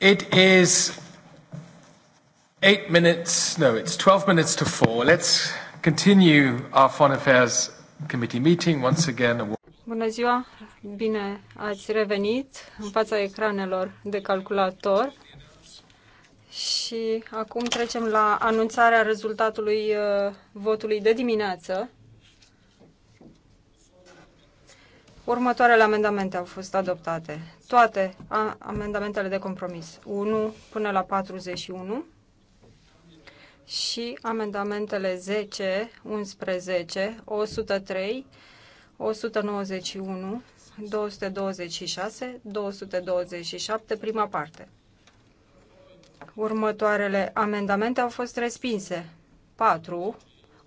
It is eight minutes, no, it's 12 minutes to four. Let's continue our Foreign Affairs Committee meeting once again. Bună ziua, bine ați revenit în fața ecranelor de calculator. Și acum trecem la anunțarea rezultatului uh, votului de dimineață. Următoarele amendamente au fost adoptate. Toate amendamentele de compromis, 1 până la 41 și amendamentele 10, 11, 103, 191, 226, 227, prima parte. Următoarele amendamente au fost respinse. 4,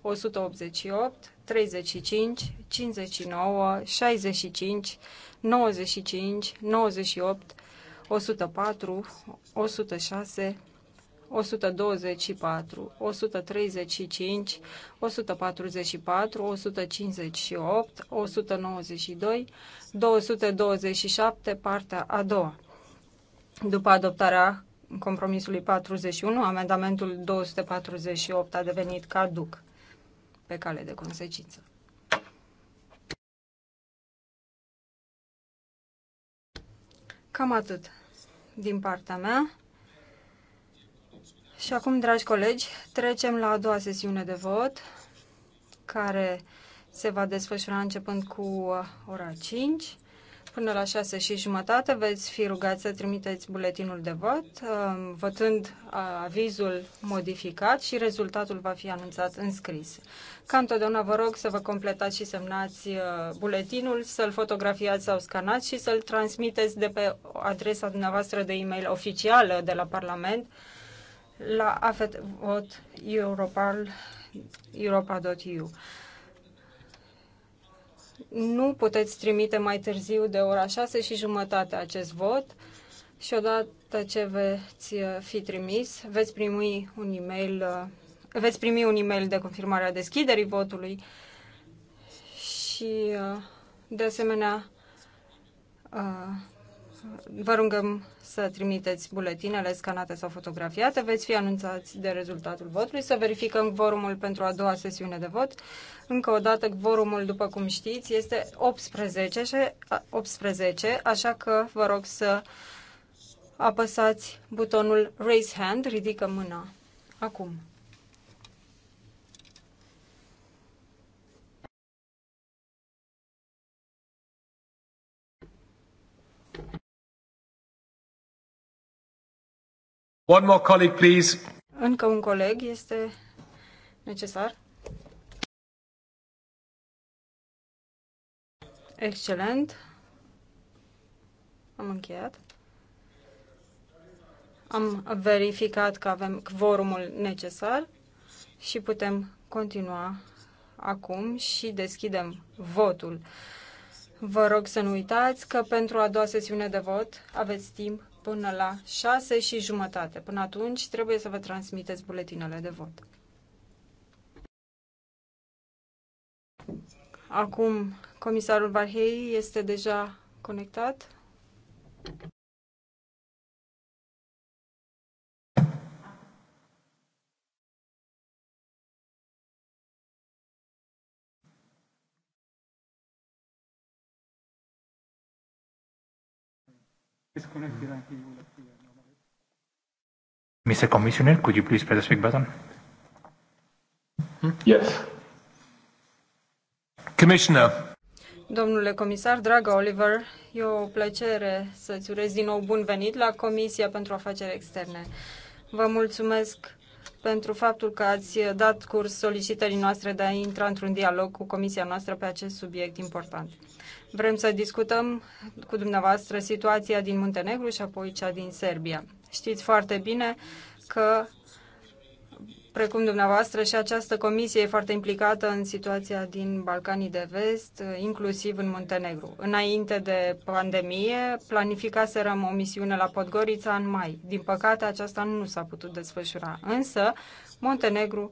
188, 35, 59, 65, 95, 98, 104, 106, 124, 135, 144, 158, 192, 227, partea a doua. După adoptarea compromisului 41, amendamentul 248 a devenit caduc pe cale de consecință. Cam atât din partea mea. Și acum, dragi colegi, trecem la a doua sesiune de vot, care se va desfășura începând cu ora 5. Până la șase și jumătate veți fi rugați să trimiteți buletinul de vot, um, votând uh, avizul modificat și rezultatul va fi anunțat în scris. Ca întotdeauna vă rog să vă completați și semnați uh, buletinul, să-l fotografiați sau scanați și să-l transmiteți de pe adresa dumneavoastră de e-mail oficială de la Parlament la afetvoteuropa.eu nu puteți trimite mai târziu de ora 6 și jumătate acest vot și odată ce veți uh, fi trimis, veți primi un e-mail, uh, veți primi un e-mail de confirmare a deschiderii votului și uh, de asemenea Vă rugăm să trimiteți buletinele scanate sau fotografiate. Veți fi anunțați de rezultatul votului. Să verificăm vorumul pentru a doua sesiune de vot. Încă o dată, vorumul, după cum știți, este 18, 18 așa că vă rog să apăsați butonul Raise Hand, ridică mâna. Acum. One more colleague, please. Încă un coleg este necesar. Excelent. Am încheiat. Am verificat că avem quorumul necesar și putem continua acum și deschidem votul. Vă rog să nu uitați că pentru a doua sesiune de vot aveți timp până la 6 și jumătate. Până atunci trebuie să vă transmiteți buletinele de vot. Acum comisarul Varhei este deja conectat. Mr. Commissioner, could you please press the speak button? Yes. Commissioner. Domnule comisar, dragă Oliver, e o plăcere să-ți urez din nou bun venit la Comisia pentru Afaceri Externe. Vă mulțumesc pentru faptul că ați dat curs solicitării noastre de a intra într-un dialog cu Comisia noastră pe acest subiect important. Vrem să discutăm cu dumneavoastră situația din Muntenegru și apoi cea din Serbia. Știți foarte bine că, precum dumneavoastră, și această comisie e foarte implicată în situația din Balcanii de Vest, inclusiv în Muntenegru. Înainte de pandemie, planificaserăm o misiune la Podgorița în mai. Din păcate, aceasta nu s-a putut desfășura. Însă, Muntenegru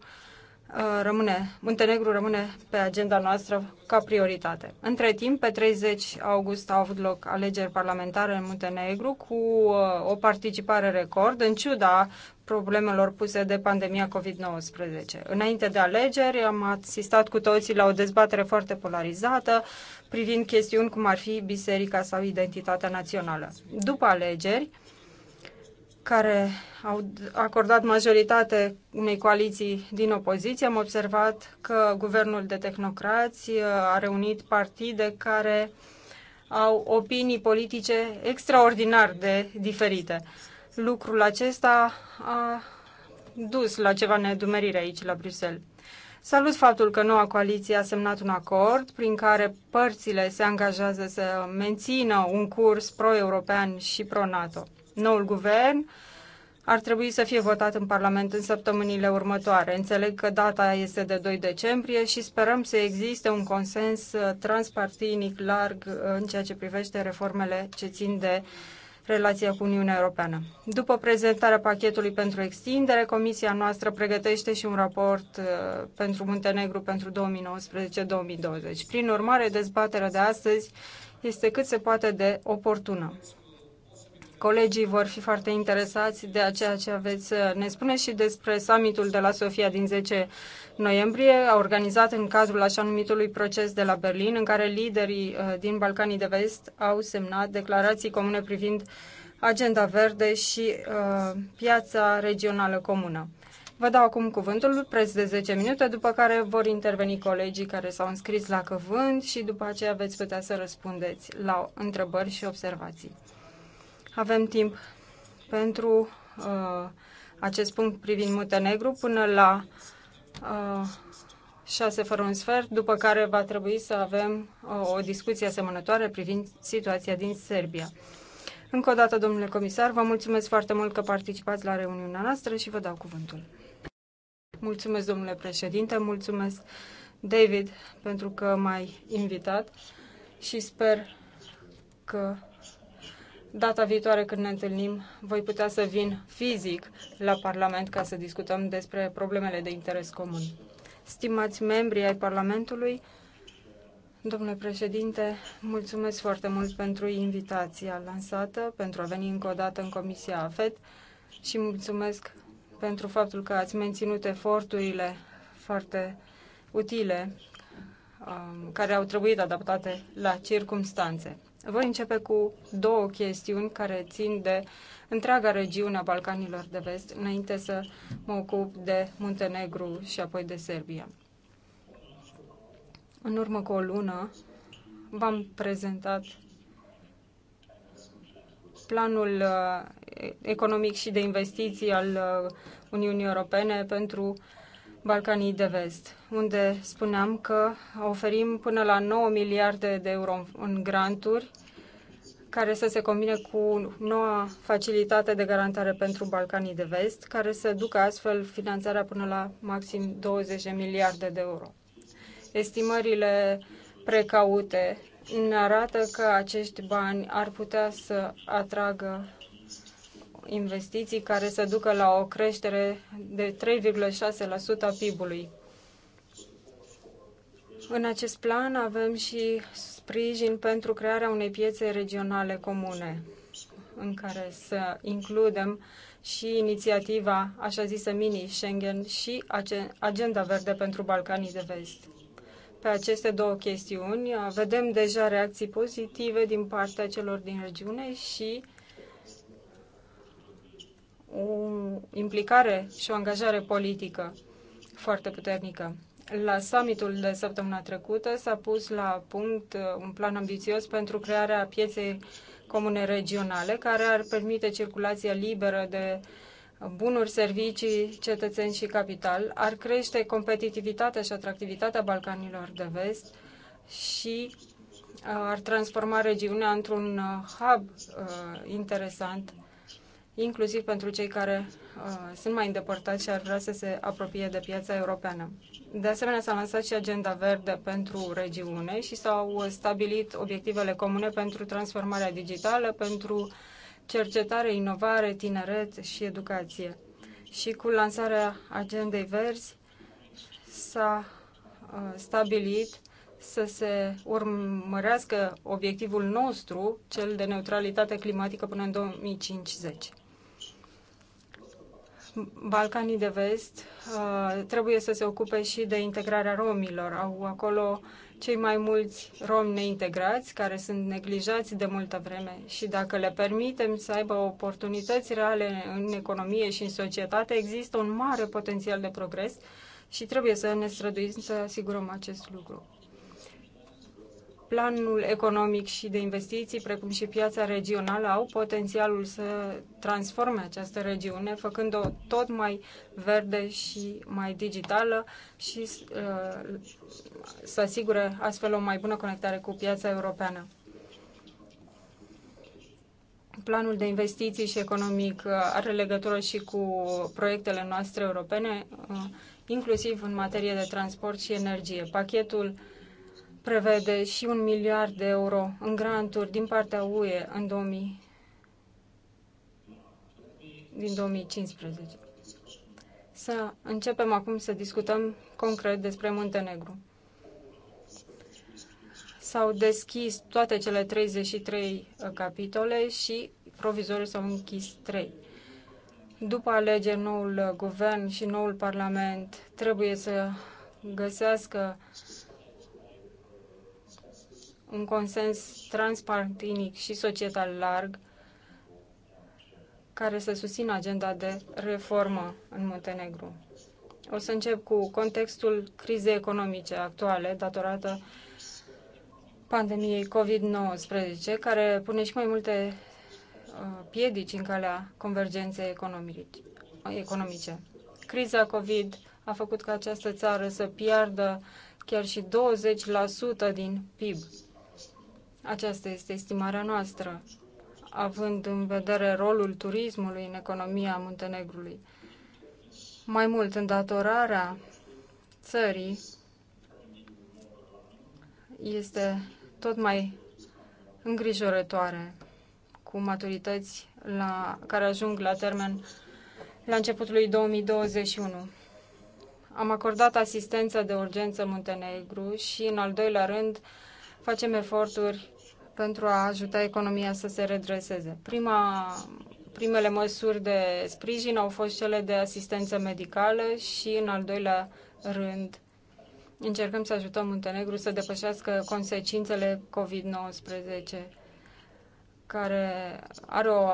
Uh, rămâne, Muntenegru rămâne pe agenda noastră ca prioritate. Între timp, pe 30 august au avut loc alegeri parlamentare în Muntenegru cu uh, o participare record, în ciuda problemelor puse de pandemia COVID-19. Înainte de alegeri, am asistat cu toții la o dezbatere foarte polarizată privind chestiuni cum ar fi biserica sau identitatea națională. După alegeri, care au acordat majoritate unei coaliții din opoziție. Am observat că guvernul de tehnocrați uh, a reunit partide care au opinii politice extraordinar de diferite. Lucrul acesta a dus la ceva nedumerire aici la Bruxelles. Salut faptul că noua coaliție a semnat un acord prin care părțile se angajează să mențină un curs pro-european și pro-NATO noul guvern ar trebui să fie votat în Parlament în săptămânile următoare. Înțeleg că data este de 2 decembrie și sperăm să existe un consens uh, transpartinic larg uh, în ceea ce privește reformele ce țin de relația cu Uniunea Europeană. După prezentarea pachetului pentru extindere, comisia noastră pregătește și un raport uh, pentru Muntenegru pentru 2019-2020. Prin urmare, dezbaterea de astăzi este cât se poate de oportună. Colegii vor fi foarte interesați de ceea ce aveți să uh, ne spune și despre summitul de la Sofia din 10 noiembrie, organizat în cadrul așa numitului proces de la Berlin, în care liderii uh, din Balcanii de Vest au semnat declarații comune privind agenda verde și uh, piața regională comună. Vă dau acum cuvântul, preț de 10 minute, după care vor interveni colegii care s-au înscris la cuvânt și după aceea veți putea să răspundeți la întrebări și observații. Avem timp pentru uh, acest punct privind Muntenegru până la uh, 6 fără un sfert, după care va trebui să avem uh, o discuție asemănătoare privind situația din Serbia. Încă o dată, domnule comisar, vă mulțumesc foarte mult că participați la reuniunea noastră și vă dau cuvântul. Mulțumesc, domnule președinte, mulțumesc, David, pentru că m-ai invitat și sper că Data viitoare când ne întâlnim, voi putea să vin fizic la Parlament ca să discutăm despre problemele de interes comun. Stimați membri ai Parlamentului, Domnule președinte, mulțumesc foarte mult pentru invitația lansată, pentru a veni încă o dată în Comisia AFET și mulțumesc pentru faptul că ați menținut eforturile foarte utile um, care au trebuit adaptate la circumstanțe. Voi începe cu două chestiuni care țin de întreaga regiune a Balcanilor de Vest, înainte să mă ocup de Muntenegru și apoi de Serbia. În urmă cu o lună v-am prezentat planul uh, economic și de investiții al uh, Uniunii Europene pentru Balcanii de Vest, unde spuneam că oferim până la 9 miliarde de euro în granturi care să se combine cu noua facilitate de garantare pentru Balcanii de Vest, care să ducă astfel finanțarea până la maxim 20 de miliarde de euro. Estimările precaute ne arată că acești bani ar putea să atragă investiții care să ducă la o creștere de 3,6% a PIB-ului. În acest plan avem și sprijin pentru crearea unei piețe regionale comune, în care să includem și inițiativa, așa zisă mini-Schengen, și agenda verde pentru Balcanii de Vest. Pe aceste două chestiuni vedem deja reacții pozitive din partea celor din regiune și o implicare și o angajare politică foarte puternică. La summitul de săptămâna trecută s-a pus la punct uh, un plan ambițios pentru crearea pieței comune regionale, care ar permite circulația liberă de bunuri, servicii, cetățeni și capital, ar crește competitivitatea și atractivitatea Balcanilor de Vest și uh, ar transforma regiunea într-un uh, hub uh, interesant inclusiv pentru cei care uh, sunt mai îndepărtați și ar vrea să se apropie de piața europeană. De asemenea, s-a lansat și agenda verde pentru regiune și s-au stabilit obiectivele comune pentru transformarea digitală, pentru cercetare, inovare, tineret și educație. Și cu lansarea agendei verzi s-a uh, stabilit să se urmărească obiectivul nostru, cel de neutralitate climatică până în 2050. Balcanii de Vest uh, trebuie să se ocupe și de integrarea romilor. Au acolo cei mai mulți romi neintegrați care sunt neglijați de multă vreme și dacă le permitem să aibă oportunități reale în economie și în societate, există un mare potențial de progres și trebuie să ne străduim să asigurăm acest lucru planul economic și de investiții, precum și piața regională, au potențialul să transforme această regiune, făcând-o tot mai verde și mai digitală și uh, să asigure astfel o mai bună conectare cu piața europeană. Planul de investiții și economic uh, are legătură și cu proiectele noastre europene, uh, inclusiv în materie de transport și energie. Pachetul uh, prevede și un miliard de euro în granturi din partea UE în 2000, din 2015. Să începem acum să discutăm concret despre Muntenegru. S-au deschis toate cele 33 uh, capitole și provizoriu s-au închis 3. După alegeri, noul uh, guvern și noul parlament trebuie să găsească uh, un consens transpartinic și societal larg care să susțină agenda de reformă în Muntenegru. O să încep cu contextul crizei economice actuale datorată pandemiei COVID-19, care pune și mai multe uh, piedici în calea convergenței economice. Criza COVID a făcut ca această țară să piardă chiar și 20% din PIB aceasta este estimarea noastră, având în vedere rolul turismului în economia Muntenegrului. Mai mult, îndatorarea țării este tot mai îngrijorătoare, cu maturități la, care ajung la termen la începutul lui 2021. Am acordat asistență de urgență Muntenegru și, în al doilea rând, facem eforturi pentru a ajuta economia să se redreseze. Prima, primele măsuri de sprijin au fost cele de asistență medicală și, în al doilea rând, încercăm să ajutăm Muntenegru să depășească consecințele COVID-19, care, are o,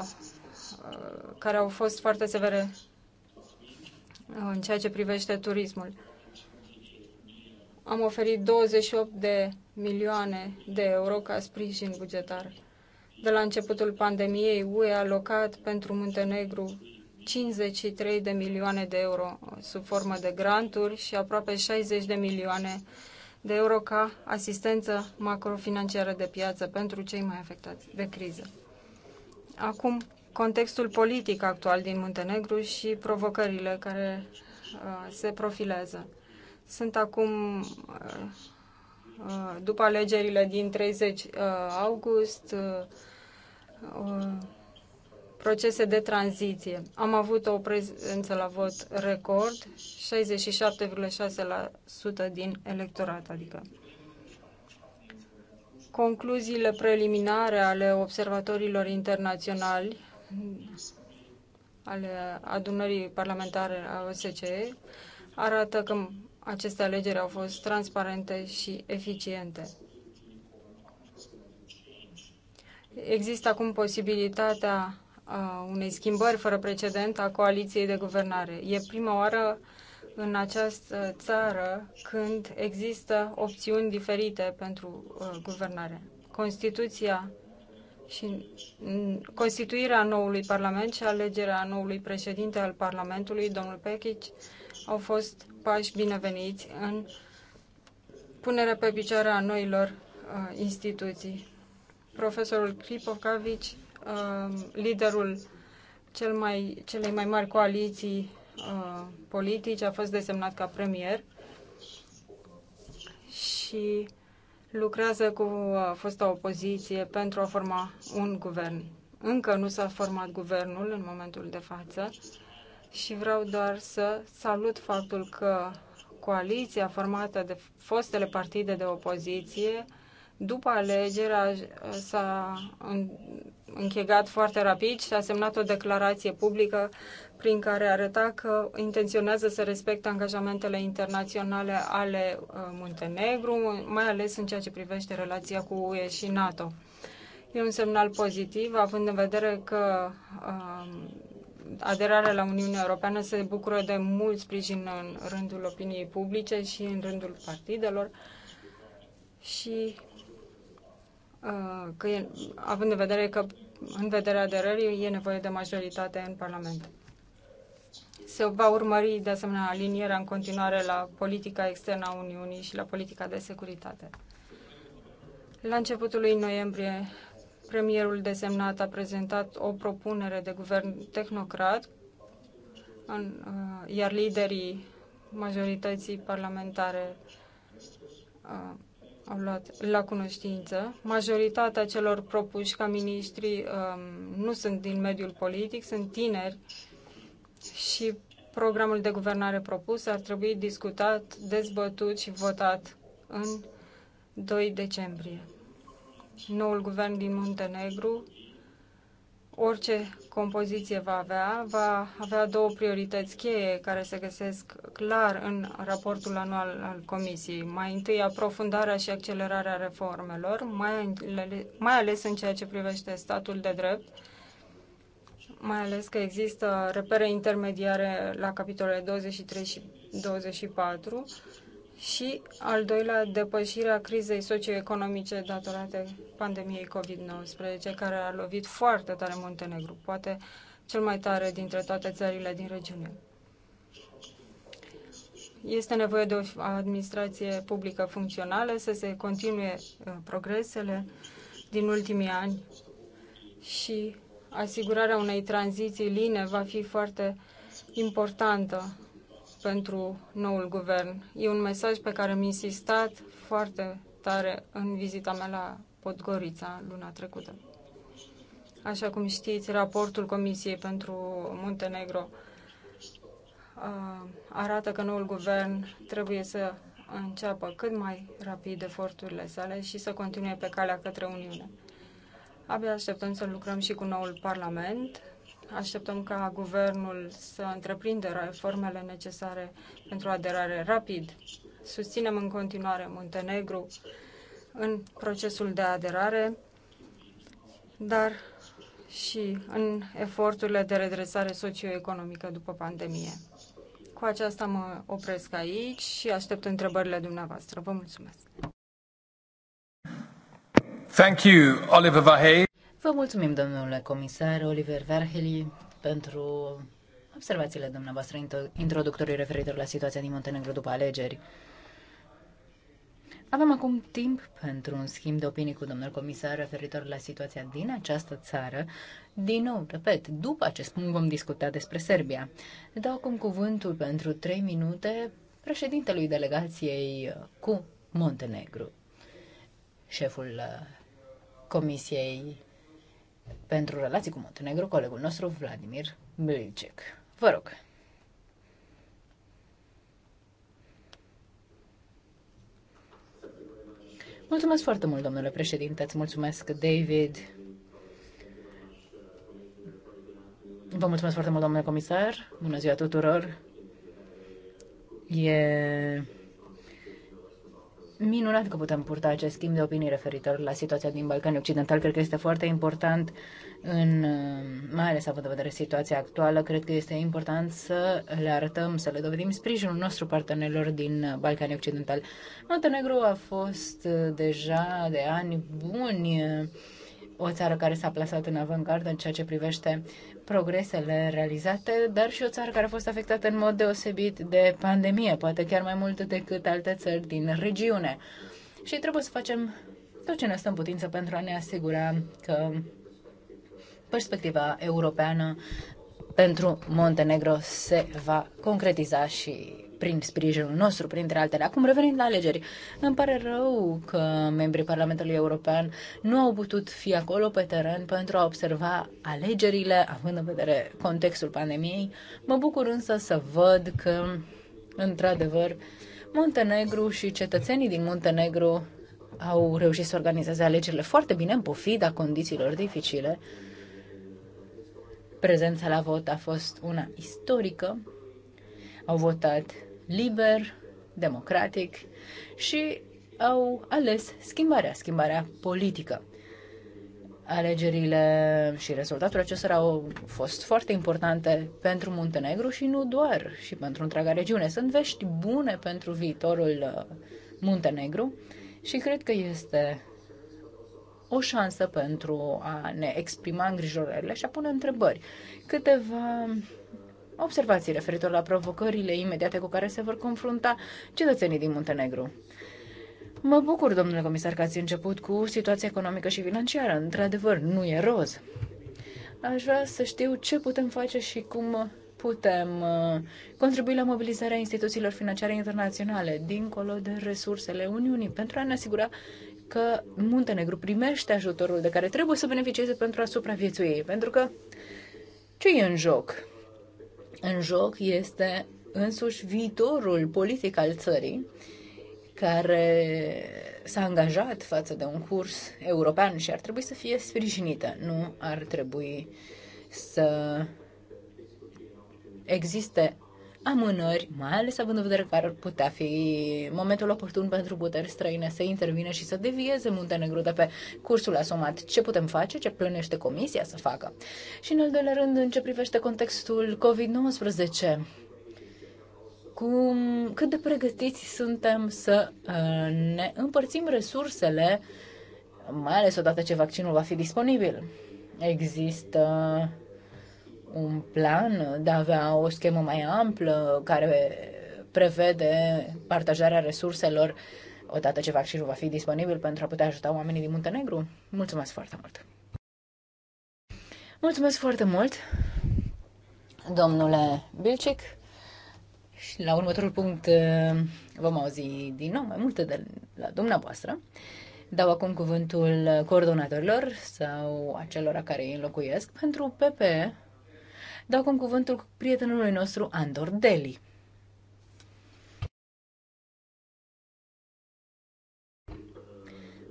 care au fost foarte severe în ceea ce privește turismul am oferit 28 de milioane de euro ca sprijin bugetar. De la începutul pandemiei, UE a alocat pentru Muntenegru 53 de milioane de euro sub formă de granturi și aproape 60 de milioane de euro ca asistență macrofinanciară de piață pentru cei mai afectați de criză. Acum, contextul politic actual din Muntenegru și provocările care uh, se profilează. Sunt acum, uh, uh, după alegerile din 30 uh, august, procese de tranziție. Am avut o prezență la vot record, 67,6% din electorat, adică. Concluziile preliminare ale observatorilor internaționali ale adunării parlamentare a OSCE arată că aceste alegeri au fost transparente și eficiente. Există acum posibilitatea uh, unei schimbări fără precedent a coaliției de guvernare. E prima oară în această țară când există opțiuni diferite pentru uh, guvernare. Constituția și mm, constituirea noului Parlament și alegerea noului președinte al Parlamentului, domnul Pekic, au fost pași bineveniți în punerea pe picioare a noilor uh, instituții. Profesorul Kripovkavici, uh, liderul cel mai, celei mai mari coaliții uh, politice, a fost desemnat ca premier și lucrează cu uh, fosta opoziție pentru a forma un guvern. Încă nu s-a format guvernul în momentul de față. Uh, și vreau doar să salut faptul că coaliția formată de fostele partide de opoziție după alegeri, s-a închegat foarte rapid și a semnat o declarație publică prin care arăta că intenționează să respecte angajamentele internaționale ale uh, Muntenegru, mai ales în ceea ce privește relația cu UE și NATO. E un semnal pozitiv, având în vedere că uh, aderarea la Uniunea Europeană se bucură de mult sprijin în rândul opiniei publice și în rândul partidelor și uh, că e, având în vedere că în vederea aderării e nevoie de majoritate în Parlament. Se va urmări, de asemenea, alinierea în continuare la politica externă a Uniunii și la politica de securitate. La începutul lui noiembrie Premierul desemnat a prezentat o propunere de guvern tehnocrat, în, uh, iar liderii majorității parlamentare uh, au luat la cunoștință. Majoritatea celor propuși ca miniștri uh, nu sunt din mediul politic, sunt tineri și programul de guvernare propus ar trebui discutat, dezbătut și votat în 2 decembrie și noul guvern din Muntenegru, orice compoziție va avea, va avea două priorități cheie care se găsesc clar în raportul anual al Comisiei. Mai întâi, aprofundarea și accelerarea reformelor, mai, mai ales în ceea ce privește statul de drept, mai ales că există repere intermediare la capitolele 23 și 24, și al doilea, depășirea crizei socioeconomice datorate pandemiei COVID-19, care a lovit foarte tare Muntenegru, poate cel mai tare dintre toate țările din regiune. Este nevoie de o administrație publică funcțională să se continue uh, progresele din ultimii ani și asigurarea unei tranziții line va fi foarte importantă pentru noul guvern. E un mesaj pe care mi insistat foarte tare în vizita mea la Podgorița luna trecută. Așa cum știți, raportul Comisiei pentru Muntenegro uh, arată că noul guvern trebuie să înceapă cât mai rapid eforturile sale și să continue pe calea către Uniune. Abia așteptăm să lucrăm și cu noul Parlament Așteptăm ca guvernul să întreprindă reformele necesare pentru aderare rapid. Susținem în continuare Muntenegru în procesul de aderare, dar și în eforturile de redresare socioeconomică după pandemie. Cu aceasta mă opresc aici și aștept întrebările dumneavoastră. Vă mulțumesc! Thank you, Oliver Vahey. Vă mulțumim, domnule comisar Oliver Verheli, pentru observațiile dumneavoastră introductorii referitor la situația din Montenegro după alegeri. Avem acum timp pentru un schimb de opinii cu domnul comisar referitor la situația din această țară. Din nou, repet, după acest punct vom discuta despre Serbia. Dau acum cuvântul pentru trei minute președintelui delegației cu Montenegro, șeful uh, Comisiei pentru relații cu Montenegro, colegul nostru Vladimir Milicek. Vă rog! Mulțumesc foarte mult, domnule președinte. Îți mulțumesc, David. Vă mulțumesc foarte mult, domnule comisar. Bună ziua tuturor. E minunat că putem purta acest schimb de opinii referitor la situația din Balcanii Occidental. Cred că este foarte important, în, uh, mai ales având în vedere situația actuală, cred că este important să le arătăm, să le dovedim sprijinul nostru partenerilor din uh, Balcanii Occidental. Montenegro a fost uh, deja de ani buni o țară care s-a plasat în avangardă în ceea ce privește progresele realizate, dar și o țară care a fost afectată în mod deosebit de pandemie, poate chiar mai mult decât alte țări din regiune. Și trebuie să facem tot ce ne stă în putință pentru a ne asigura că perspectiva europeană pentru Montenegro se va concretiza și prin sprijinul nostru, printre altele. Acum revenind la alegeri, îmi pare rău că membrii Parlamentului European nu au putut fi acolo pe teren pentru a observa alegerile, având în vedere contextul pandemiei. Mă bucur însă să văd că, într-adevăr, Montenegru și cetățenii din Montenegru au reușit să organizeze alegerile foarte bine, în pofida condițiilor dificile prezența la vot a fost una istorică. Au votat liber, democratic și au ales schimbarea, schimbarea politică. Alegerile și rezultatul acestora au fost foarte importante pentru Muntenegru și nu doar, și pentru întreaga regiune. Sunt vești bune pentru viitorul uh, Muntenegru și cred că este o șansă pentru a ne exprima îngrijorările și a pune întrebări. Câteva observații referitor la provocările imediate cu care se vor confrunta cetățenii din Muntenegru. Mă bucur, domnule comisar, că ați început cu situația economică și financiară. Într-adevăr, nu e roz. Aș vrea să știu ce putem face și cum putem uh, contribui la mobilizarea instituțiilor financiare internaționale, dincolo de resursele Uniunii, pentru a ne asigura că Muntenegru primește ajutorul de care trebuie să beneficieze pentru a supraviețui. Pentru că ce e în joc? În joc este însuși viitorul politic al țării, care s-a angajat față de un curs european și ar trebui să fie sprijinită. Nu ar trebui să existe amânări, mai ales având în vedere că ar putea fi momentul oportun pentru puteri străine să intervină și să devieze Muntenegru de pe cursul asumat. Ce putem face? Ce plănește Comisia să facă? Și în al doilea rând, în ce privește contextul COVID-19, cum, cât de pregătiți suntem să uh, ne împărțim resursele, mai ales odată ce vaccinul va fi disponibil. Există un plan de a avea o schemă mai amplă care prevede partajarea resurselor odată ce vaccinul va fi disponibil pentru a putea ajuta oamenii din Muntenegru? Mulțumesc foarte mult! Mulțumesc foarte mult, domnule Bilcic. Și la următorul punct uh, vom auzi din nou mai multe de la dumneavoastră. Dau acum cuvântul coordonatorilor sau acelora care îi înlocuiesc pentru PP Dau cum cuvântul prietenului nostru, Andor Deli.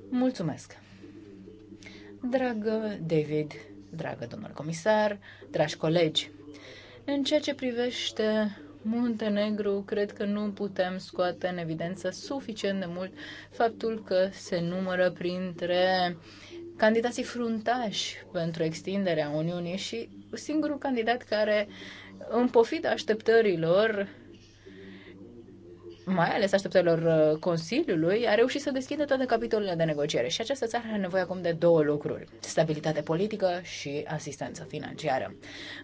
Mulțumesc! Dragă David, dragă domnul comisar, dragi colegi, în ceea ce privește Muntenegru, cred că nu putem scoate în evidență suficient de mult faptul că se numără printre uh, candidații fruntași pentru extinderea Uniunii și singurul candidat care, în pofida așteptărilor, mai ales așteptărilor uh, Consiliului, a reușit să deschidă toate capitolele de negociere și această țară are nevoie acum de două lucruri, stabilitate politică și asistență financiară.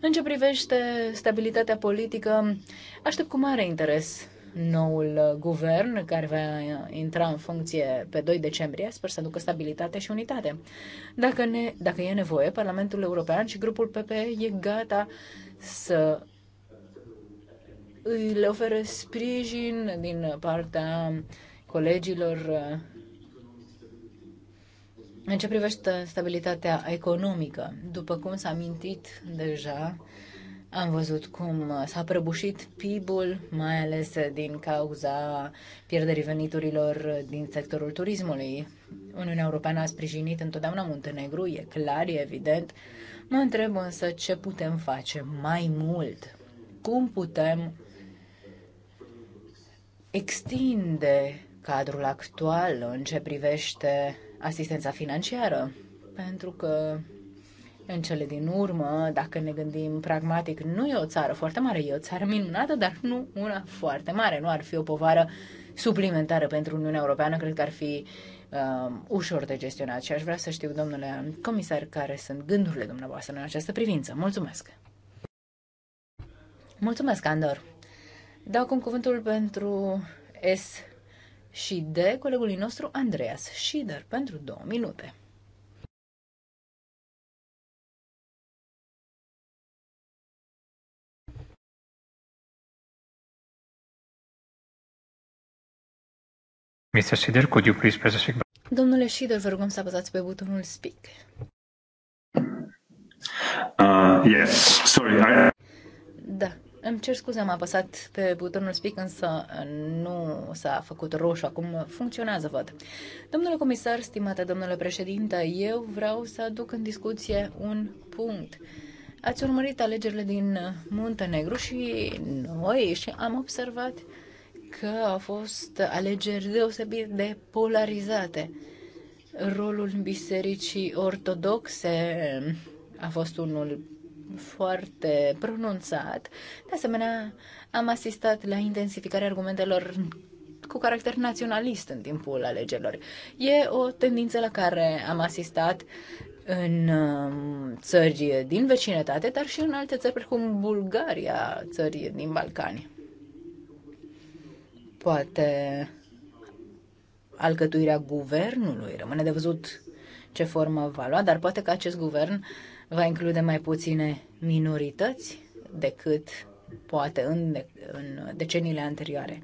În ce privește stabilitatea politică, aștept cu mare interes noul uh, guvern care va uh, intra în funcție pe 2 decembrie. Sper să ducă stabilitate și unitate. Dacă, ne, dacă e nevoie, Parlamentul European și grupul PP e gata să îi le oferă sprijin din partea colegilor uh, în ce privește stabilitatea economică. După cum s-a mintit deja, am văzut cum uh, s-a prăbușit PIB-ul, mai ales uh, din cauza pierderii veniturilor uh, din sectorul turismului. Uniunea Europeană a sprijinit întotdeauna Muntenegru, e clar, e evident. Mă întreb însă ce putem face mai mult. Cum putem extinde cadrul actual în ce privește asistența financiară? Pentru că în cele din urmă, dacă ne gândim pragmatic, nu e o țară foarte mare, e o țară minunată, dar nu una foarte mare. Nu ar fi o povară suplimentară pentru Uniunea Europeană, cred că ar fi uh, ușor de gestionat. Și aș vrea să știu, domnule comisar, care sunt gândurile dumneavoastră în această privință. Mulțumesc! Mulțumesc, Andor! Dau acum cuvântul pentru S și D, colegului nostru Andreas Schieder pentru două minute. Mr. Sider, could you please press the speak button? Domnule Sider, vă rugăm să apăsați pe butonul speak. Uh, yes, sorry, I... Da, îmi cer scuze, am apăsat pe butonul speak, însă uh, nu s-a făcut roșu. Acum funcționează, văd. Domnule comisar, stimate domnule președinte, eu vreau să aduc în discuție un punct. Ați urmărit alegerile din Muntenegru și noi și am observat uh, că au fost alegeri deosebit de polarizate. Rolul bisericii ortodoxe a fost unul foarte pronunțat. De asemenea, am asistat la intensificarea argumentelor cu caracter naționalist în timpul alegerilor. E o tendință la care am asistat în um, țări din vecinătate, dar și în alte țări precum Bulgaria, țări din Balcani. Poate alcătuirea guvernului, rămâne de văzut ce formă va lua, dar poate că acest guvern va include mai puține minorități decât poate în, în deceniile anterioare.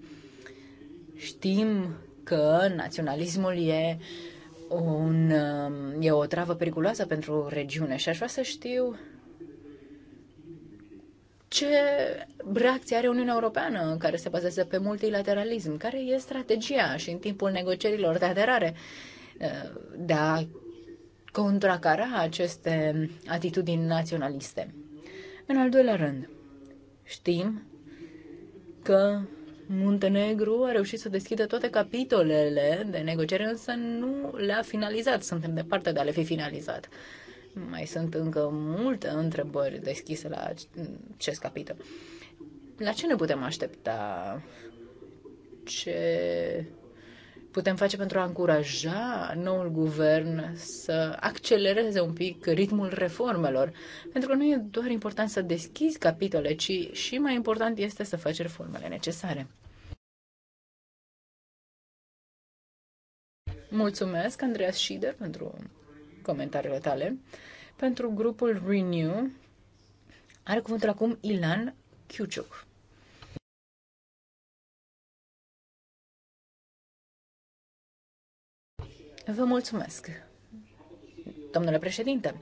Știm că naționalismul e, un, e o travă periculoasă pentru regiune și aș vrea să știu ce reacție are Uniunea Europeană care se bazează pe multilateralism? Care e strategia și în timpul negocierilor de aderare eh, de a contracara aceste atitudini naționaliste? În al doilea rând, știm că Muntenegru a reușit să deschidă toate capitolele de negociere, însă nu le-a finalizat. Suntem departe de a le fi finalizat. Uh, mai sunt încă multe întrebări deschise la acest capitol. La ce ne putem aștepta? Ce putem face pentru a încuraja noul guvern să accelereze un pic ritmul reformelor. Pentru că nu e doar important să deschizi capitole, ci și mai important este să faci reformele necesare. Mulțumesc, Andreas Schieder, pentru comentariile tale. Pentru grupul Renew are cuvântul acum Ilan Chiuciuc. Vă mulțumesc, domnule președinte.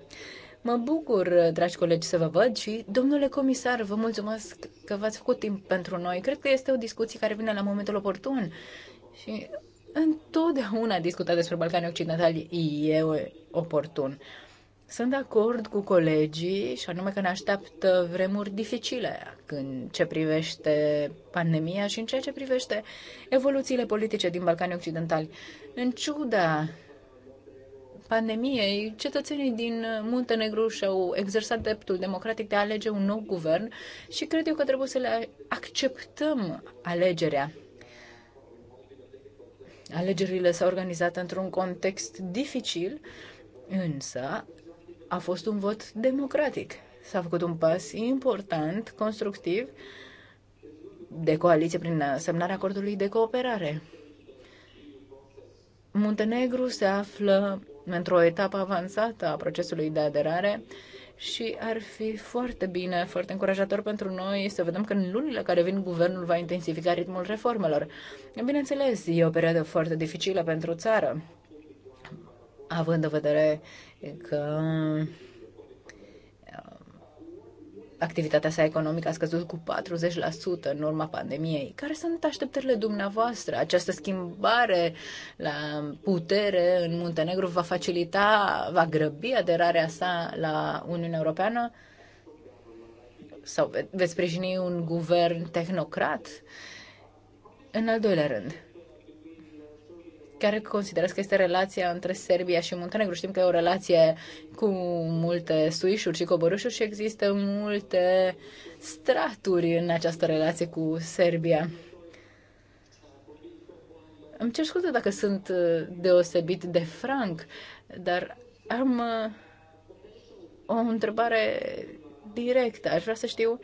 Mă bucur, dragi colegi, să vă văd și, domnule comisar, vă mulțumesc că v-ați făcut timp pentru noi. Cred că este o discuție care vine la momentul oportun și Întotdeauna discutat despre Balcanii Occidentali e oportun. Sunt de acord cu colegii și anume că ne așteaptă vremuri dificile în ce privește pandemia și în ceea ce privește evoluțiile politice din Balcanii Occidentali. În ciuda pandemiei, cetățenii din Muntenegru și-au exersat dreptul democratic de a alege un nou guvern și cred eu că trebuie să le acceptăm alegerea. Alegerile s-au organizat într-un context dificil, însă a fost un vot democratic. S-a făcut un pas important, constructiv, de coaliție prin semnarea acordului de cooperare. Muntenegru se află într-o etapă avansată a procesului de aderare și ar fi foarte bine, foarte încurajator pentru noi să vedem că în lunile care vin guvernul va intensifica ritmul reformelor. Bineînțeles, e o perioadă foarte dificilă pentru țară, având în vedere că activitatea sa economică a scăzut cu 40% în urma pandemiei. Care sunt așteptările dumneavoastră? Această schimbare la putere în Muntenegru va facilita, va grăbi aderarea sa la Uniunea Europeană? Sau veți sprijini un guvern tehnocrat? În al doilea rând, care considerați că este relația între Serbia și Muntenegru? Știm că e o relație cu multe suișuri și coborâșuri și există multe straturi în această relație cu Serbia. Îmi cer scuze dacă sunt uh, deosebit de franc, dar am uh, o întrebare directă. Aș vrea să știu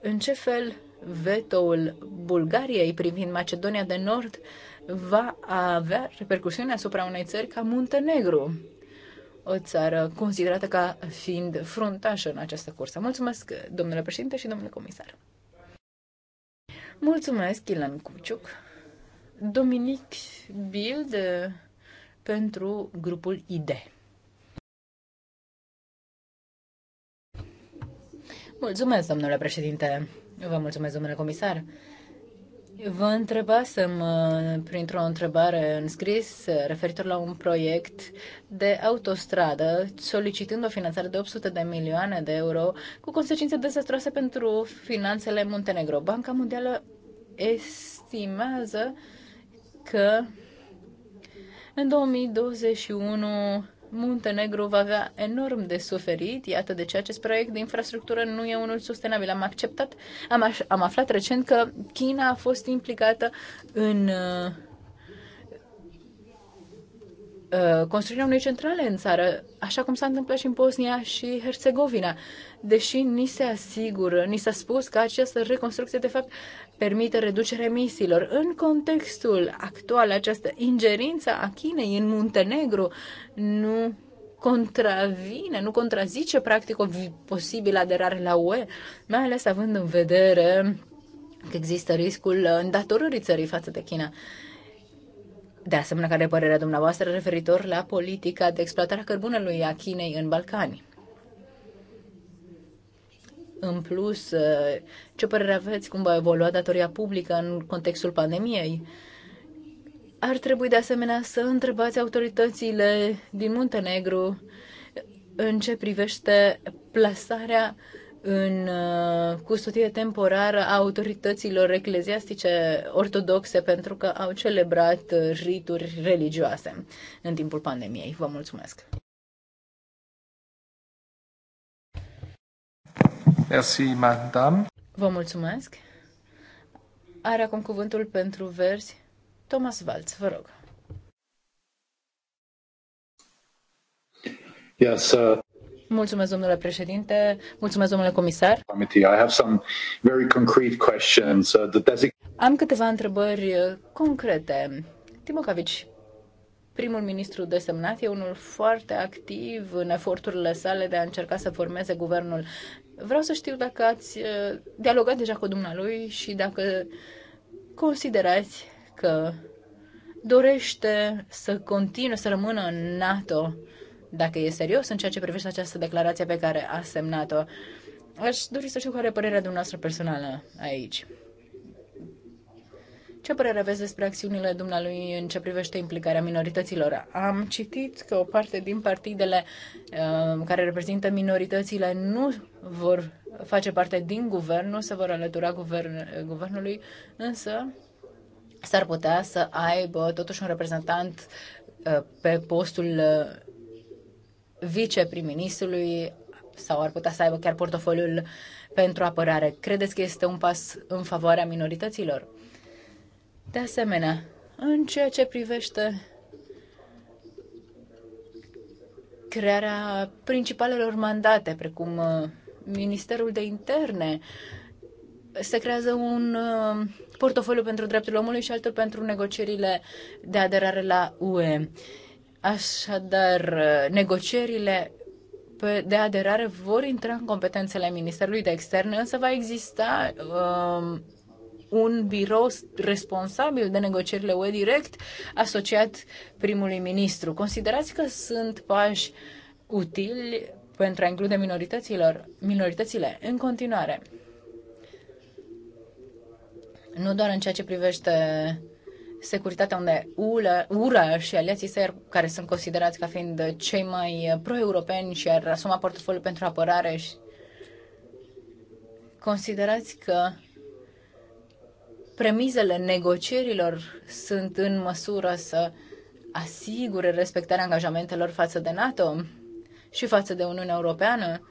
în ce fel vetoul Bulgariei privind Macedonia de Nord va avea repercusiuni asupra unei țări ca Muntenegru, o țară considerată ca fiind fruntașă în această cursă. Mulțumesc, domnule președinte și domnule comisar. Mulțumesc, Ilan Cuciuc. Dominic Bild pentru grupul ID. Mulțumesc, domnule președinte. Vă mulțumesc, domnule comisar. Vă întrebasem uh, printr-o întrebare în scris uh, referitor la un proiect de autostradă solicitând o finanțare de 800 de milioane de euro cu consecințe dezastroase pentru finanțele Muntenegro. Banca Mondială estimează că în 2021 Muntenegru va avea enorm de suferit. Iată de ce acest proiect de infrastructură nu e unul sustenabil. Am acceptat, am, aș, am aflat recent că China a fost implicată în uh, uh construirea unei centrale în țară, așa cum s-a întâmplat și în Bosnia și Herțegovina, deși ni se asigură, ni s-a spus că această reconstrucție de fapt permită reducerea emisiilor. În contextul actual, această ingerință a Chinei în Muntenegru nu contravine, nu contrazice practic o posibilă aderare la UE, mai ales având în vedere că există riscul îndatorării țării față de China. De asemenea, care e părerea dumneavoastră referitor la politica de exploatare a cărbunelui a Chinei în Balcani? În plus, uh, ce părere aveți cum va evolua datoria publică în contextul pandemiei? Ar trebui de asemenea să întrebați autoritățile din Muntenegru în ce privește plasarea în uh, custodie temporară a autorităților ecleziastice ortodoxe pentru că au celebrat uh, rituri religioase în timpul pandemiei. Vă mulțumesc! Merci, madame. Vă mulțumesc. Are acum cuvântul pentru verzi Thomas Valtz. vă rog. Yes, uh... Mulțumesc, domnule președinte. Mulțumesc, domnule comisar. Am câteva întrebări uh, concrete. Timocavici, primul ministru desemnat, e unul foarte activ în eforturile sale de a încerca să formeze guvernul Vreau să știu dacă ați uh, dialogat deja cu dumnealui și dacă considerați că dorește să continue să rămână în NATO dacă e serios în ceea ce privește această declarație pe care a semnat-o. Aș dori să știu care e părerea dumneavoastră personală aici. Ce părere aveți despre acțiunile dumnealui în ce privește implicarea minorităților? Am citit că o parte din partidele uh, care reprezintă minoritățile nu vor face parte din guvern, nu se vor alătura guvern, guvernului, însă s-ar putea să aibă totuși un reprezentant uh, pe postul uh, viceprim-ministrului sau ar putea să aibă chiar portofoliul pentru apărare. Credeți că este un pas în favoarea minorităților? De asemenea, în ceea ce privește crearea principalelor mandate, precum uh, Ministerul de Interne, se creează un uh, portofoliu pentru drepturile omului și altul pentru negocierile de aderare la UE. Așadar, uh, negocierile de aderare vor intra în competențele Ministerului de Externe, însă va exista um, un birou responsabil de negocierile UE direct asociat primului ministru. Considerați că sunt pași utili pentru a include minorităților, minoritățile în continuare. Nu doar în ceea ce privește securitatea unde ULA, URA și aliații săi, care sunt considerați ca fiind cei mai pro-europeni și ar asuma portofoliul pentru apărare, și considerați că premizele negocierilor sunt în măsură să asigure respectarea angajamentelor față de NATO și față de Uniunea Europeană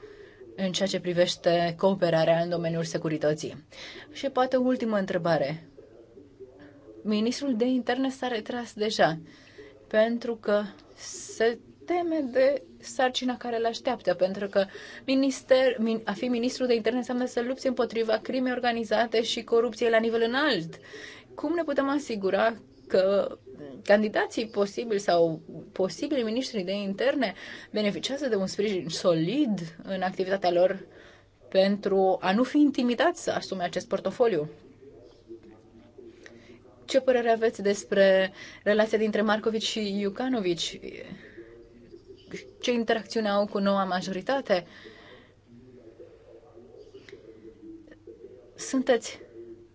în ceea ce privește cooperarea în domeniul securității. Și poate o ultimă întrebare. Ministrul de interne s-a retras deja pentru că se teme de sarcina care le așteaptă, pentru că minister, a fi ministru de interne înseamnă să lupți împotriva crimei organizate și corupției la nivel înalt. Cum ne putem asigura că candidații posibili sau posibili ministri de interne beneficiază de un sprijin solid în activitatea lor pentru a nu fi intimidați să asume acest portofoliu? Ce părere aveți despre relația dintre Marcovici și Iucanovici? ce interacțiune au cu noua majoritate? Sunteți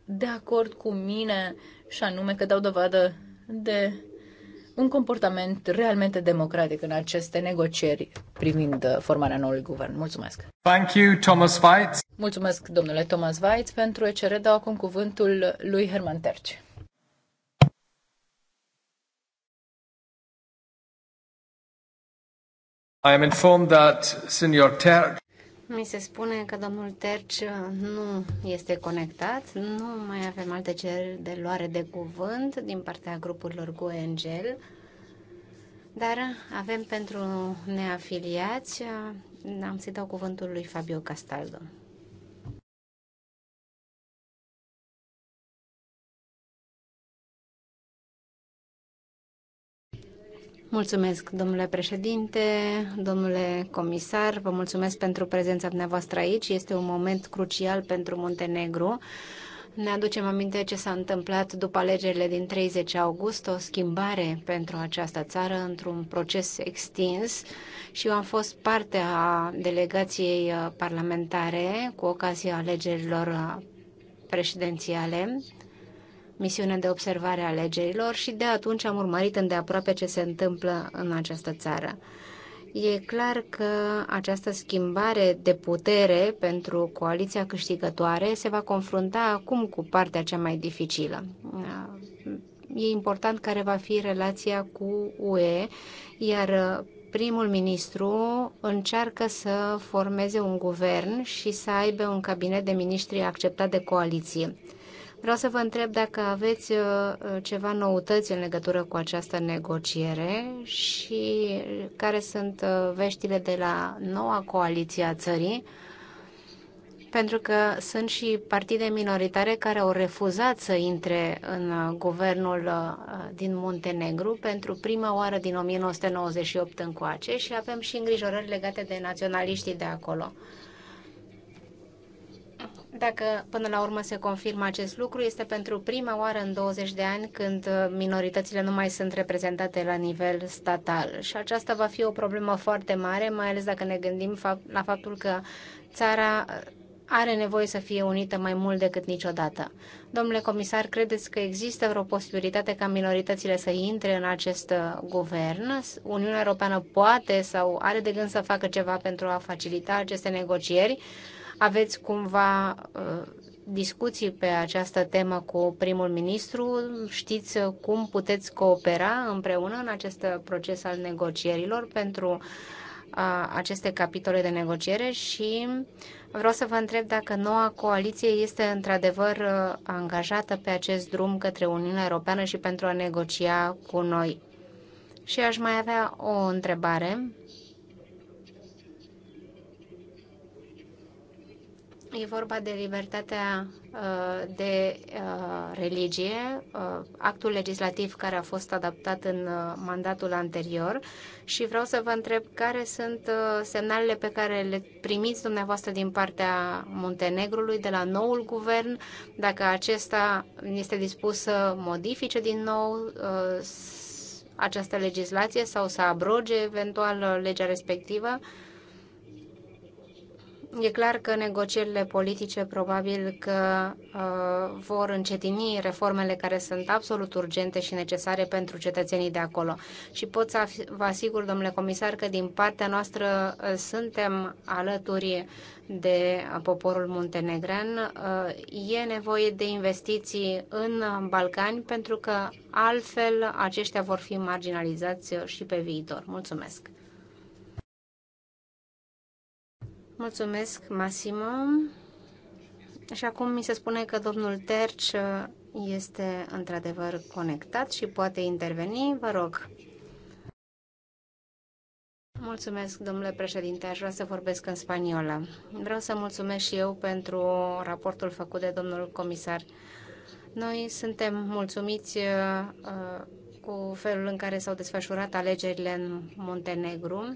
de acord cu mine și anume că dau dovadă de un comportament realmente democratic în aceste negocieri privind uh, formarea noului guvern. Mulțumesc! Thank you, Thomas Weitz. Mulțumesc, domnule Thomas Weitz, pentru ECR. Dau acum cuvântul lui Herman Terci. I am informed that Senior Terk mi se spune că domnul Terci uh, nu este conectat, nu mai avem alte cereri de luare de cuvânt din partea grupurilor Goengel, dar uh, avem pentru neafiliați, uh, am să-i dau cuvântul lui Fabio Castaldo. Mulțumesc, domnule președinte, domnule comisar, vă mulțumesc pentru prezența dumneavoastră aici. Este un moment crucial pentru Muntenegru. Ne aducem aminte ce s-a întâmplat după alegerile din 30 august, o schimbare pentru această țară într-un proces extins și eu am fost parte a delegației parlamentare cu ocazia alegerilor prezidențiale misiune de observare a alegerilor și de atunci am urmărit îndeaproape ce se întâmplă în această țară. E clar că această schimbare de putere pentru coaliția câștigătoare se va confrunta acum cu partea cea mai dificilă. E important care va fi relația cu UE, iar primul ministru încearcă să formeze un guvern și să aibă un cabinet de miniștri acceptat de coaliție. Vreau să vă întreb dacă aveți uh, ceva noutăți în legătură cu această negociere și care sunt uh, veștile de la noua coaliție a țării, pentru că sunt și partide minoritare care au refuzat să intre în uh, guvernul din Muntenegru pentru prima oară din 1998 încoace și avem și îngrijorări legate de naționaliștii de acolo. Dacă până la urmă se confirmă acest lucru, este pentru prima oară în 20 de ani când minoritățile nu mai sunt reprezentate la nivel statal. Și aceasta va fi o problemă foarte mare, mai ales dacă ne gândim la faptul că țara uh, are nevoie să fie unită mai mult decât niciodată. Domnule comisar, credeți că există vreo posibilitate ca minoritățile să intre în acest uh, guvern? Uniunea Europeană poate sau are de gând să facă ceva pentru a facilita aceste negocieri? Aveți cumva uh, discuții pe această temă cu primul ministru? Știți uh, cum puteți coopera împreună în acest proces al negocierilor pentru uh, aceste capitole de negociere și vreau să vă întreb dacă noua coaliție este într-adevăr angajată pe acest drum către Uniunea Europeană și pentru a negocia cu noi. Și aș mai avea o întrebare E vorba de libertatea uh, de uh, religie, uh, actul legislativ care a fost adaptat în mandatul anterior și vreau să vă întreb care sunt semnalele pe care le primiți dumneavoastră din partea Muntenegrului de la noul guvern, dacă acesta este dispus să modifice din nou această legislație sau să abroge eventual legea respectivă. E clar că negocierile politice probabil că uh, vor încetini reformele care sunt absolut urgente și necesare pentru cetățenii de acolo. Și pot să vă asigur, domnule comisar, că din partea noastră uh, suntem alături de poporul Uh, E nevoie de investiții în Balcani pentru că altfel aceștia vor fi marginalizați și pe viitor. Mulțumesc! Mulțumesc, Massimo. Și acum mi se spune că domnul Terci este într-adevăr conectat și poate interveni. Vă rog. Mulțumesc, domnule președinte. Aș vrea să vorbesc în spaniolă. Vreau să mulțumesc și eu pentru raportul făcut de domnul comisar. Noi suntem mulțumiți uh, cu felul în care s-au desfășurat alegerile în Montenegru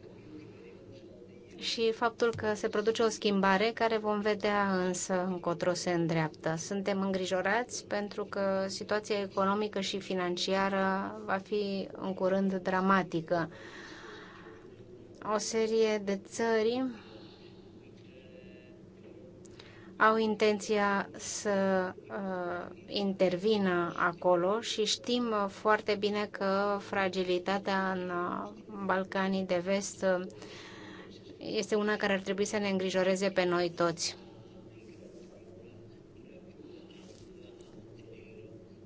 și faptul că se produce o schimbare care vom vedea însă încotro se îndreaptă. Suntem îngrijorați pentru că situația economică și financiară va fi în curând dramatică. O serie de țări au intenția să uh, intervină acolo și știm uh, foarte bine că fragilitatea în uh, Balcanii de Vest uh, este una care ar trebui să ne îngrijoreze pe noi toți.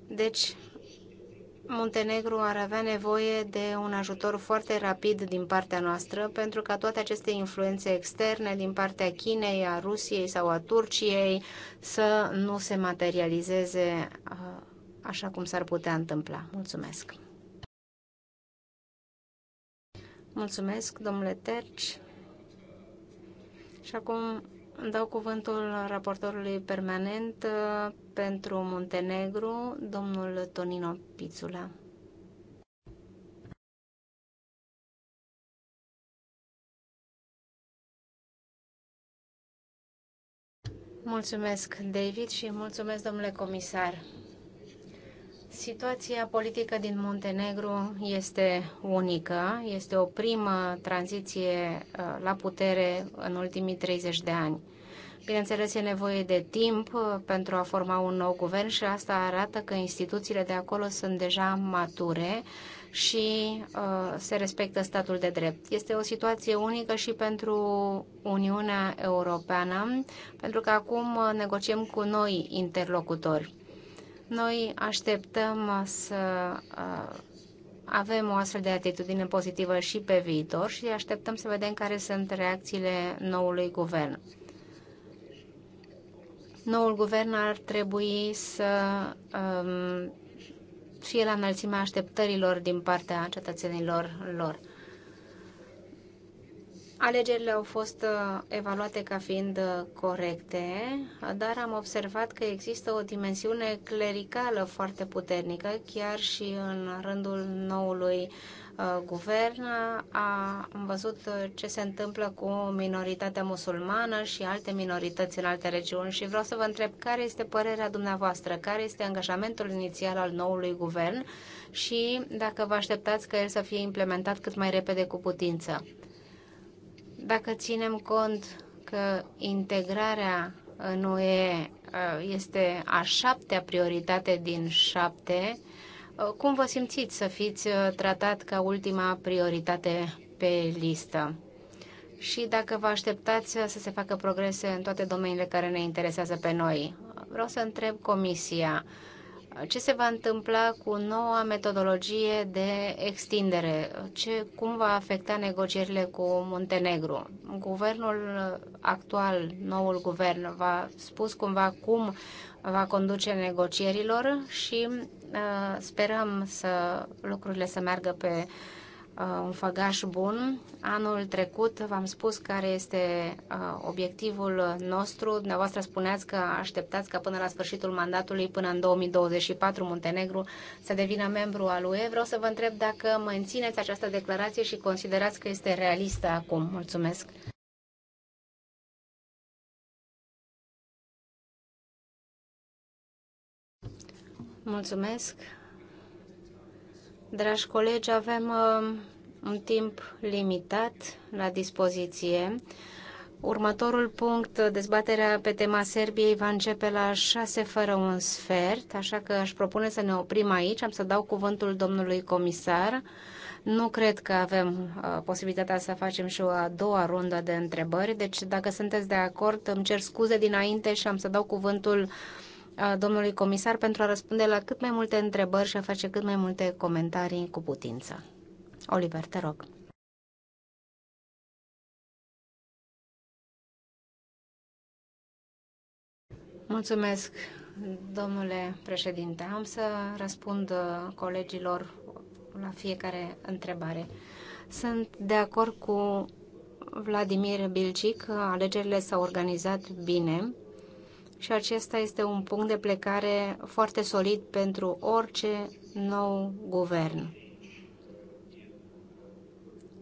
Deci, Muntenegru ar avea nevoie de un ajutor foarte rapid din partea noastră pentru ca toate aceste influențe externe din partea Chinei, a Rusiei sau a Turciei să nu se materializeze uh, așa cum s-ar putea întâmpla. Mulțumesc! Mulțumesc, domnule Terci. Și acum dau cuvântul raportorului permanent uh, pentru Muntenegru, domnul Tonino Pițula. Mulțumesc, David, și mulțumesc, domnule comisar. Situația politică din Montenegro este unică, este o primă tranziție uh, la putere în ultimii 30 de ani. Bineînțeles, e nevoie de timp uh, pentru a forma un nou guvern și asta arată că instituțiile de acolo sunt deja mature și uh, se respectă statul de drept. Este o situație unică și pentru Uniunea Europeană, pentru că acum uh, negociem cu noi interlocutori. Noi așteptăm să avem o astfel de atitudine pozitivă și pe viitor și așteptăm să vedem care sunt reacțiile noului guvern. Noul guvern ar trebui să um, fie la înălțimea așteptărilor din partea cetățenilor lor. Alegerile au fost uh, evaluate ca fiind uh, corecte, dar am observat că există o dimensiune clericală foarte puternică, chiar și în rândul noului uh, guvern. am văzut ce se întâmplă cu minoritatea musulmană și alte minorități în alte regiuni și vreau să vă întreb care este părerea dumneavoastră, care este angajamentul inițial al noului guvern și dacă vă așteptați ca el să fie implementat cât mai repede cu putință. Dacă ținem cont că integrarea în UE uh, este a șaptea prioritate din șapte, uh, cum vă simțiți să fiți uh, tratat ca ultima prioritate pe listă? Și dacă vă așteptați să se facă progrese în toate domeniile care ne interesează pe noi? Vreau să întreb Comisia ce se va întâmpla cu noua metodologie de extindere? Ce, cum va afecta negocierile cu Muntenegru? Guvernul actual, noul guvern, va spus cumva cum va conduce negocierilor și uh, sperăm să lucrurile să meargă pe uh, Uh, un făgaș bun. Anul trecut v-am spus care este uh, obiectivul nostru. Dumneavoastră spuneați că așteptați ca până la sfârșitul mandatului, până în 2024, Muntenegru să devină membru al UE. Vreau să vă întreb dacă mențineți această declarație și considerați că este realistă acum. Mulțumesc! Mulțumesc! Dragi colegi, avem uh, un timp limitat la dispoziție. Următorul punct, dezbaterea pe tema Serbiei, va începe la 6 fără un sfert, așa că aș propune să ne oprim aici. Am să dau cuvântul domnului comisar. Nu cred că avem uh, posibilitatea să facem și o a doua rundă de întrebări, deci dacă sunteți de acord, îmi cer scuze dinainte și am să dau cuvântul uh, domnului comisar pentru a răspunde la cât mai multe întrebări și a face cât mai multe comentarii cu putință. Oliver, te rog. Mulțumesc, domnule președinte. Am să răspund uh, colegilor la fiecare întrebare. Sunt de acord cu Vladimir Bilcic. Alegerile s-au organizat bine și acesta este un punct de plecare foarte solid pentru orice nou guvern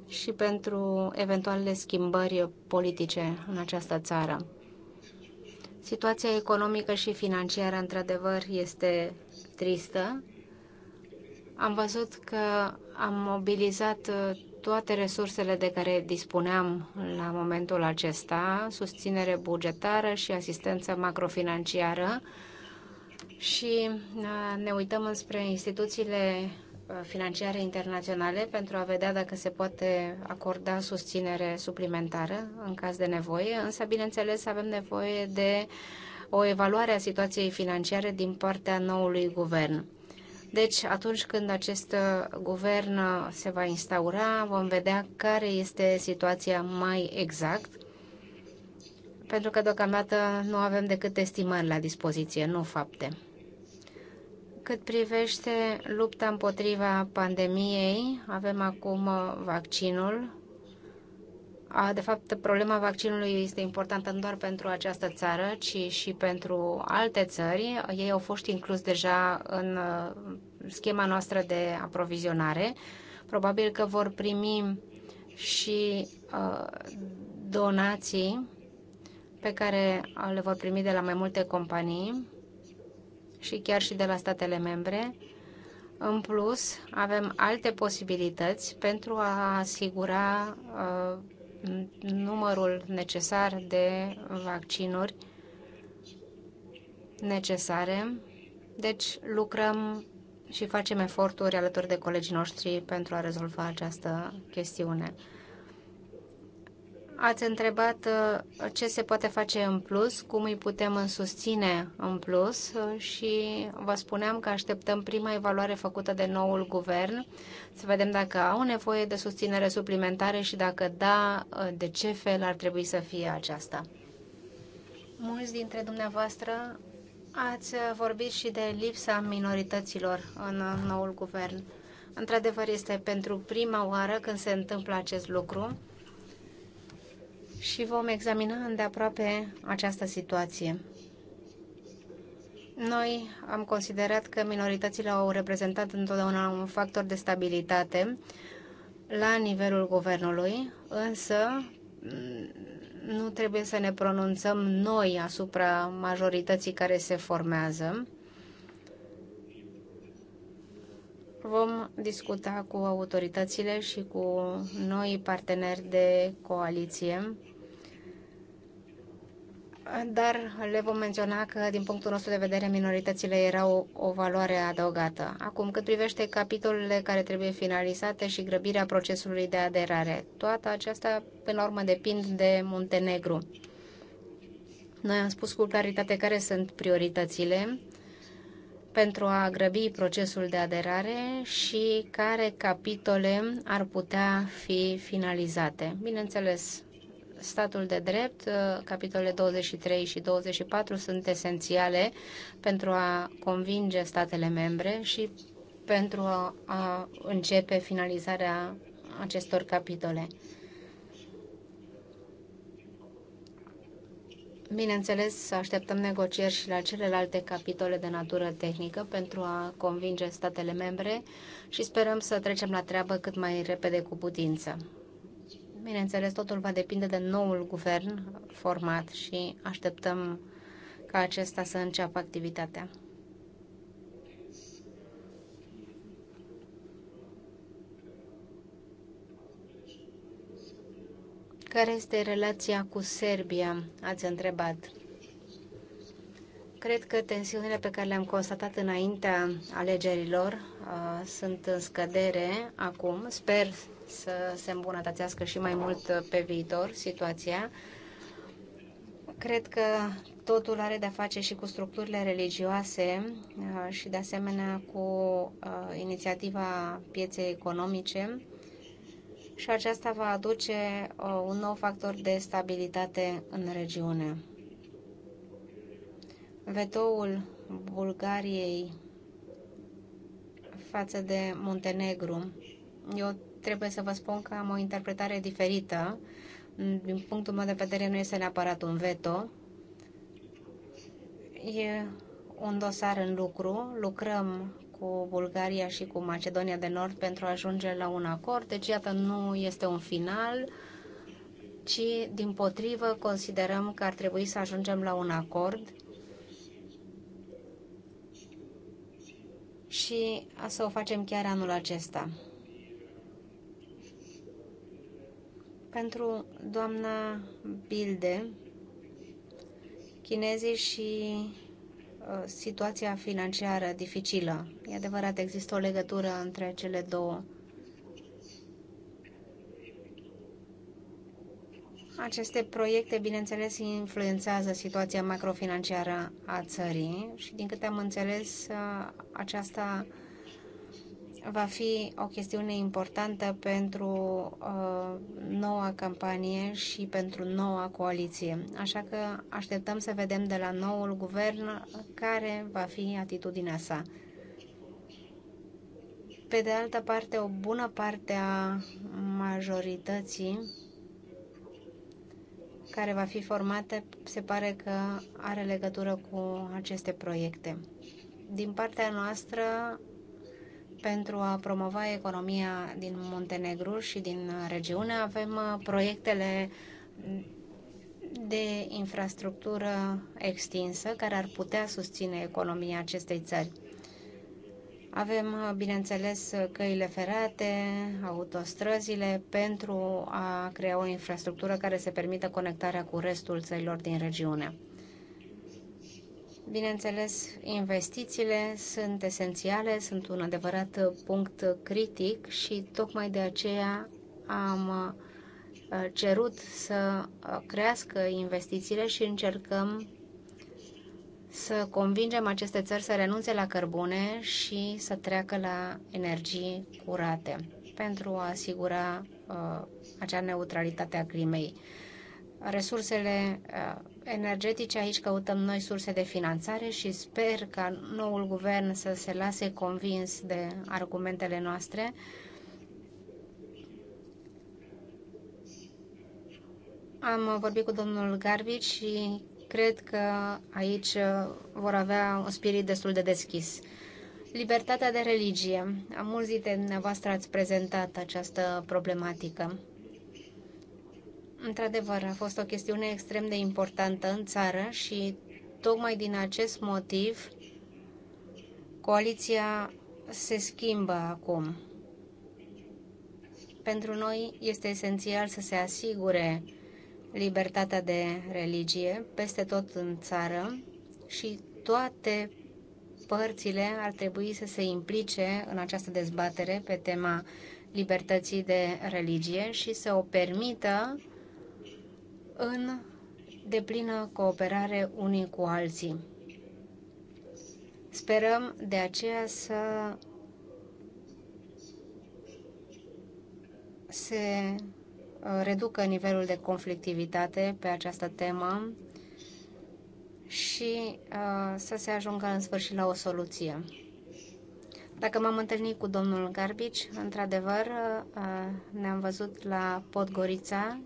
și pentru eventualele schimbări politice în această țară. Situația economică și financiară, într-adevăr, este tristă. Am văzut că am mobilizat toate resursele de care dispuneam la momentul acesta, susținere bugetară și asistență macrofinanciară și uh, ne uităm înspre instituțiile uh, financiare internaționale pentru a vedea dacă se poate acorda susținere suplimentară în caz de nevoie, însă, bineînțeles, avem nevoie de o evaluare a situației financiare din partea noului guvern. Deci, atunci când acest uh, guvern uh, se va instaura, vom vedea care este situația mai exact, pentru că deocamdată nu avem decât estimări la dispoziție, nu fapte. Cât privește lupta împotriva pandemiei, avem acum uh, vaccinul de fapt, problema vaccinului este importantă nu doar pentru această țară, ci și pentru alte țări. Ei au fost inclus deja în uh, schema noastră de aprovizionare. Probabil că vor primi și uh, donații pe care le vor primi de la mai multe companii și chiar și de la statele membre. În plus, avem alte posibilități pentru a asigura uh, numărul necesar de vaccinuri necesare. Deci lucrăm și facem eforturi alături de colegii noștri pentru a rezolva această chestiune. Ați întrebat uh, ce se poate face în plus, cum îi putem susține în plus uh, și vă spuneam că așteptăm prima evaluare făcută de noul guvern să vedem dacă au nevoie de susținere suplimentare și dacă da, uh, de ce fel ar trebui să fie aceasta. Mulți dintre dumneavoastră ați vorbit și de lipsa minorităților în noul guvern. Într-adevăr, este pentru prima oară când se întâmplă acest lucru și vom examina îndeaproape această situație. Noi am considerat că minoritățile au reprezentat întotdeauna un factor de stabilitate la nivelul guvernului, însă mm, nu trebuie să ne pronunțăm noi asupra majorității care se formează Vom discuta cu autoritățile și cu noi parteneri de coaliție dar le vom menționa că, din punctul nostru de vedere, minoritățile erau o valoare adăugată. Acum, cât privește capitolele care trebuie finalizate și grăbirea procesului de aderare, toată aceasta, până la urmă, depind de Muntenegru. Noi am spus cu claritate care sunt prioritățile pentru a grăbi procesul de aderare și care capitole ar putea fi finalizate. Bineînțeles, statul de drept, uh, capitolele 23 și 24 sunt esențiale pentru a convinge statele membre și pentru a, a începe finalizarea acestor capitole. Bineînțeles, așteptăm negocieri și la celelalte capitole de natură tehnică pentru a convinge statele membre și sperăm să trecem la treabă cât mai repede cu putință. Bineînțeles, totul va depinde de noul guvern format și așteptăm ca acesta să înceapă activitatea. Care este relația cu Serbia? Ați întrebat. Cred că tensiunile pe care le-am constatat înaintea alegerilor uh, sunt în scădere acum. Sper să se îmbunătățească și mai mult uh, pe viitor situația. Cred că totul are de-a face și cu structurile religioase uh, și de asemenea cu uh, inițiativa pieței economice și aceasta va aduce uh, un nou factor de stabilitate în regiune. Vetoul Bulgariei față de Muntenegru. Eu trebuie să vă spun că am o interpretare diferită. Din punctul meu de vedere nu este neapărat un veto. E un dosar în lucru. Lucrăm cu Bulgaria și cu Macedonia de Nord pentru a ajunge la un acord. Deci, iată, nu este un final, ci, din potrivă, considerăm că ar trebui să ajungem la un acord și să o facem chiar anul acesta. Pentru doamna Bilde, chinezii și situația financiară dificilă. E adevărat, există o legătură între cele două. Aceste proiecte, bineînțeles, influențează situația macrofinanciară a țării și, din câte am înțeles, aceasta va fi o chestiune importantă pentru uh, noua campanie și pentru noua coaliție. Așa că așteptăm să vedem de la noul guvern care va fi atitudinea sa. Pe de altă parte, o bună parte a majorității care va fi formată se pare că are legătură cu aceste proiecte. Din partea noastră, pentru a promova economia din Montenegru și din regiune. Avem uh, proiectele de infrastructură extinsă care ar putea susține economia acestei țări. Avem, uh, bineînțeles, căile ferate, autostrăzile pentru a crea o infrastructură care să permită conectarea cu restul țărilor din regiune. Bineînțeles, investițiile sunt esențiale, sunt un adevărat punct critic și tocmai de aceea am uh, cerut să uh, crească investițiile și încercăm să convingem aceste țări să renunțe la cărbune și să treacă la energii curate pentru a asigura uh, acea neutralitate a climei. Resursele uh, energetice, aici căutăm noi surse de finanțare și sper ca noul guvern să se lase convins de argumentele noastre. Am vorbit cu domnul Garbic și cred că aici vor avea un spirit destul de deschis. Libertatea de religie. mulți dintre dumneavoastră ați prezentat această problematică într-adevăr, a fost o chestiune extrem de importantă în țară și tocmai din acest motiv coaliția se schimbă acum. Pentru noi este esențial să se asigure libertatea de religie peste tot în țară și toate părțile ar trebui să se implice în această dezbatere pe tema libertății de religie și să o permită în deplină cooperare unii cu alții. Sperăm de aceea să se uh, reducă nivelul de conflictivitate pe această temă și uh, să se ajungă în sfârșit la o soluție. Dacă m-am întâlnit cu domnul Garbici, într-adevăr, uh, ne-am văzut la Podgorița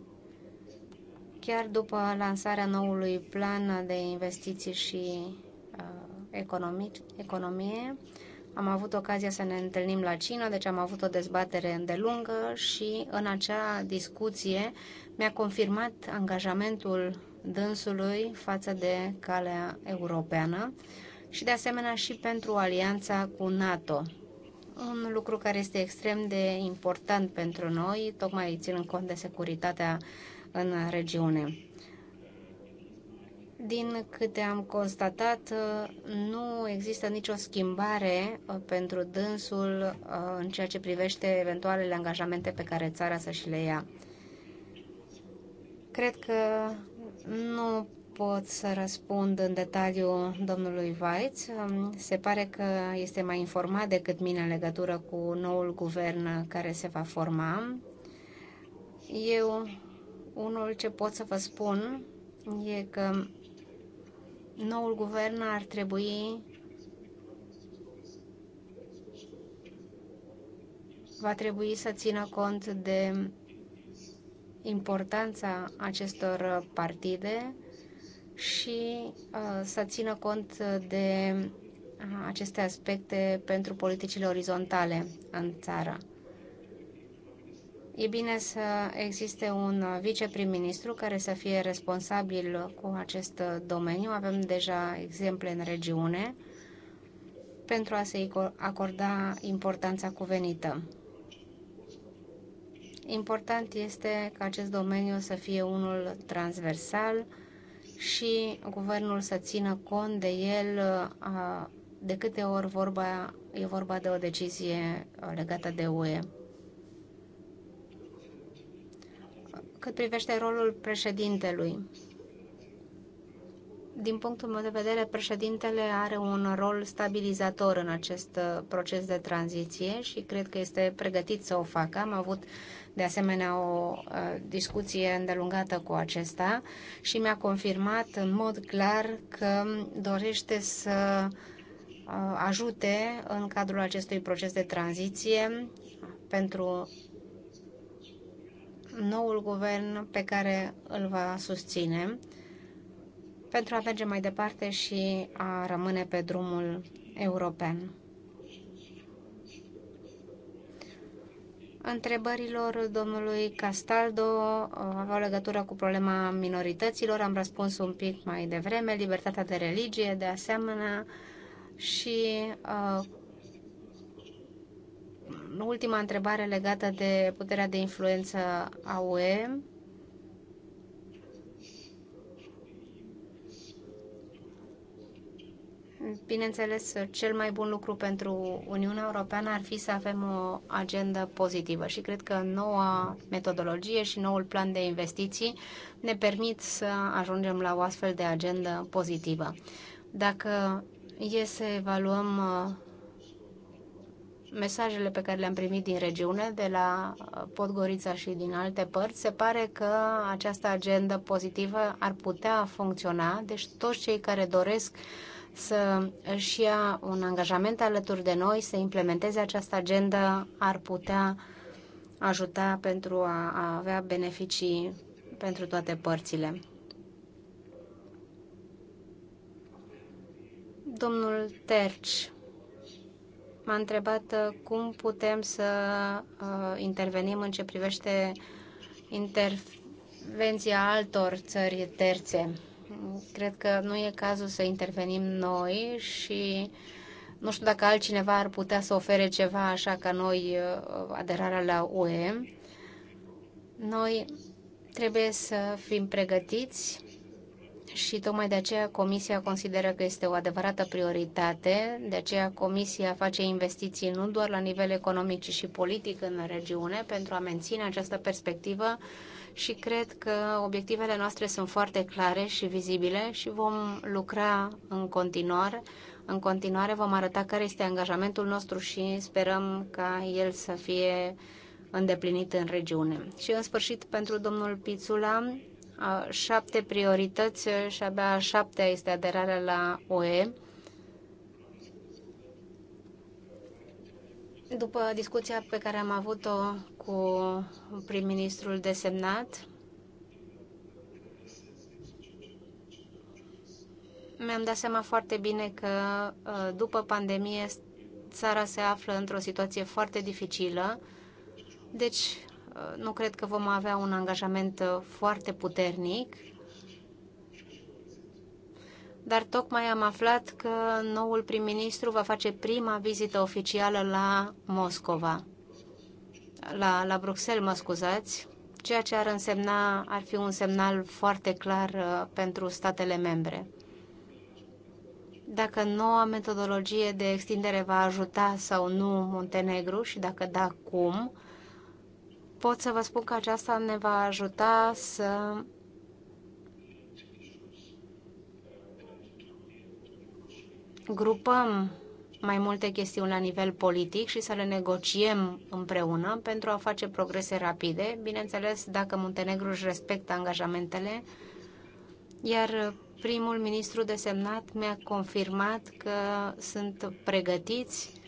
Chiar după lansarea noului plan de investiții și uh, economie, am avut ocazia să ne întâlnim la China, deci am avut o dezbatere îndelungă și în acea discuție mi-a confirmat angajamentul dânsului față de calea europeană și de asemenea și pentru alianța cu NATO. Un lucru care este extrem de important pentru noi, tocmai ținând cont de securitatea în regiune. Din câte am constatat, nu există nicio schimbare uh, pentru dânsul uh, în ceea ce privește eventualele angajamente pe care țara să și le ia. Cred că nu pot să răspund în detaliu domnului Weitz. Um, se pare că este mai informat decât mine în legătură cu noul guvern care se va forma. Eu unul ce pot să vă spun e că noul guvern ar trebui va trebui să țină cont de importanța acestor partide și uh, să țină cont de aceste aspecte pentru politicile orizontale în țară. E bine să existe un viceprim-ministru care să fie responsabil cu acest domeniu. Avem deja exemple în regiune pentru a se acorda importanța cuvenită. Important este ca acest domeniu să fie unul transversal și guvernul să țină cont de el de câte ori vorba, e vorba de o decizie legată de UE. cât privește rolul președintelui. Din punctul meu de vedere, președintele are un rol stabilizator în acest uh, proces de tranziție și cred că este pregătit să o facă. Am avut de asemenea o uh, discuție îndelungată cu acesta și mi-a confirmat în mod clar că dorește să uh, ajute în cadrul acestui proces de tranziție pentru noul guvern pe care îl va susține pentru a merge mai departe și a rămâne pe drumul european. Întrebărilor domnului Castaldo uh, aveau legătură cu problema minorităților. Am răspuns un pic mai devreme, libertatea de religie, de asemenea, și uh, ultima întrebare legată de puterea de influență a UE. Bineînțeles, cel mai bun lucru pentru Uniunea Europeană ar fi să avem o agendă pozitivă și cred că noua metodologie și noul plan de investiții ne permit să ajungem la o astfel de agendă pozitivă. Dacă e să evaluăm mesajele pe care le-am primit din regiune, de la uh, Podgorița și din alte părți, se pare că această agendă pozitivă ar putea funcționa, deci toți cei care doresc să își ia un angajament alături de noi, să implementeze această agendă, ar putea ajuta pentru a avea beneficii pentru toate părțile. Domnul Terci m-a întrebat uh, cum putem să uh, intervenim în ce privește intervenția altor țări terțe. Cred că nu e cazul să intervenim noi și nu știu dacă altcineva ar putea să ofere ceva așa ca noi uh, aderarea la UE. Noi trebuie să fim pregătiți și tocmai de aceea Comisia consideră că este o adevărată prioritate, de aceea Comisia face investiții nu doar la nivel economic, ci și politic în regiune pentru a menține această perspectivă și cred că obiectivele noastre sunt foarte clare și vizibile și vom lucra în continuare. În continuare vom arăta care este angajamentul nostru și sperăm ca el să fie îndeplinit în regiune. Și în sfârșit, pentru domnul Pițula, șapte priorități și abia a șaptea este aderarea la UE. După discuția pe care am avut-o cu prim-ministrul desemnat, mi-am dat seama foarte bine că ă, după pandemie țara se află într-o situație foarte dificilă, deci Uh, nu cred că vom avea un angajament uh, foarte puternic, dar tocmai am aflat că noul prim-ministru va face prima vizită oficială la Moscova, la, la Bruxelles, mă scuzați, ceea ce ar însemna, ar fi un semnal foarte clar uh, pentru statele membre. Dacă noua metodologie de extindere va ajuta sau nu Muntenegru și dacă da, cum, pot să vă spun că aceasta ne va ajuta să grupăm mai multe chestiuni la nivel politic și să le negociem împreună pentru a face progrese rapide, bineînțeles dacă Muntenegru își respectă angajamentele, iar primul ministru desemnat mi-a confirmat că sunt pregătiți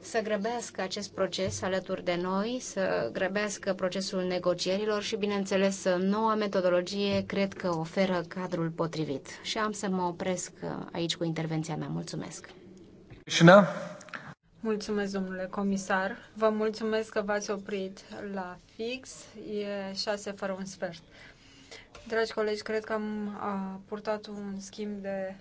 să grăbească acest proces alături de noi, să grăbească procesul negocierilor și, bineînțeles, noua metodologie cred că oferă cadrul potrivit. Și am să mă opresc aici cu intervenția mea. Mulțumesc! Cristina? Mulțumesc, domnule comisar. Vă mulțumesc că v-ați oprit la fix. E șase fără un sfert. Dragi colegi, cred că am purtat un schimb de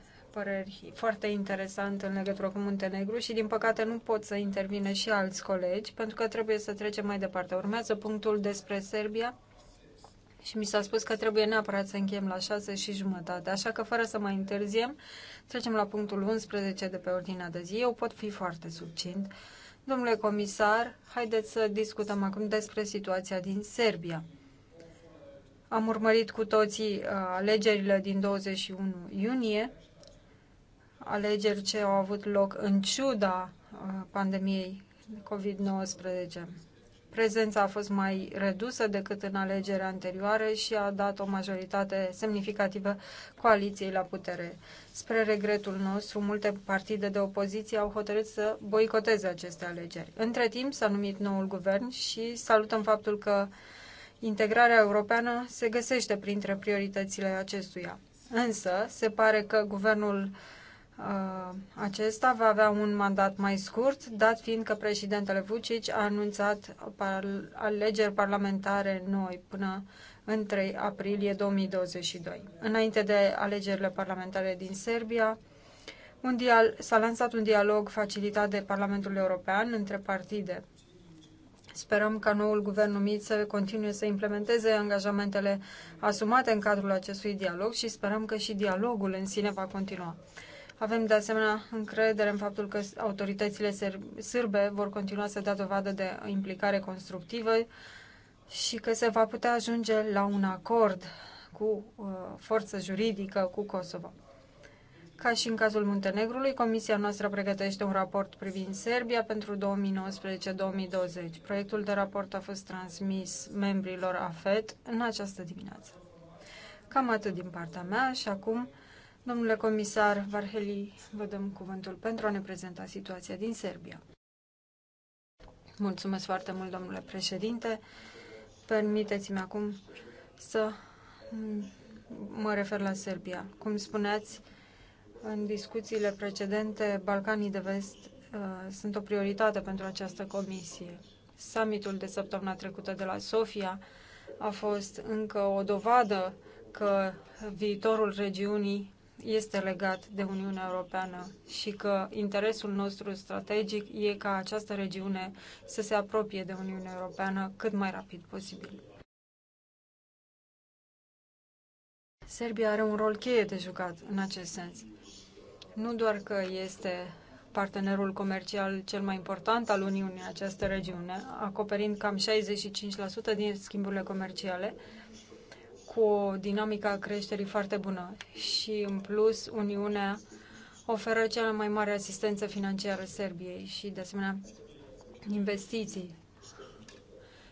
păreri foarte interesant în legătură cu Muntenegru și, din păcate, nu pot să intervine și alți colegi, pentru că trebuie să trecem mai departe. Urmează punctul despre Serbia și mi s-a spus că trebuie neapărat să încheiem la 6 și jumătate, așa că, fără să mai întârziem, trecem la punctul 11 de pe ordinea de zi. Eu pot fi foarte succint. Domnule comisar, haideți să discutăm acum despre situația din Serbia. Am urmărit cu toții uh, alegerile din 21 iunie alegeri ce au avut loc în ciuda uh, pandemiei COVID-19. Prezența a fost mai redusă decât în alegerile anterioare și a dat o majoritate semnificativă coaliției la putere. Spre regretul nostru, multe partide de opoziție au hotărât să boicoteze aceste alegeri. Între timp, s-a numit noul guvern și salutăm faptul că integrarea europeană se găsește printre prioritățile acestuia. Însă, se pare că guvernul uh, Uh, acesta va avea un mandat mai scurt, dat fiind că președintele Vucic a anunțat alegeri parlamentare noi până în 3 aprilie 2022. Înainte de alegerile parlamentare din Serbia, un dial- s-a lansat un dialog facilitat de Parlamentul European între partide. Sperăm ca noul guvern numit să continue să implementeze angajamentele asumate în cadrul acestui dialog și sperăm că și dialogul în sine va continua. Avem de asemenea încredere în faptul că autoritățile sârbe vor continua să dea dovadă de implicare constructivă și că se va putea ajunge la un acord cu uh, forță juridică cu Kosovo. Ca și în cazul Muntenegrului, Comisia noastră pregătește un raport privind Serbia pentru 2019-2020. Proiectul de raport a fost transmis membrilor AFET în această dimineață. Cam atât din partea mea și acum Domnule comisar Varheli, vă dăm cuvântul pentru a ne prezenta situația din Serbia. Mulțumesc foarte mult, domnule președinte. Permiteți-mi acum să mă refer la Serbia. Cum spuneați, în discuțiile precedente, Balcanii de Vest uh, sunt o prioritate pentru această comisie. Summitul de săptămâna trecută de la Sofia a fost încă o dovadă că viitorul regiunii este legat de Uniunea Europeană și că interesul nostru strategic e ca această regiune să se apropie de Uniunea Europeană cât mai rapid posibil. Serbia are un rol cheie de jucat în acest sens. Nu doar că este partenerul comercial cel mai important al Uniunii în această regiune, acoperind cam 65% din schimburile comerciale, cu o dinamică a creșterii foarte bună și, în plus, Uniunea oferă cea mai mare asistență financiară Serbiei și, de asemenea, investiții.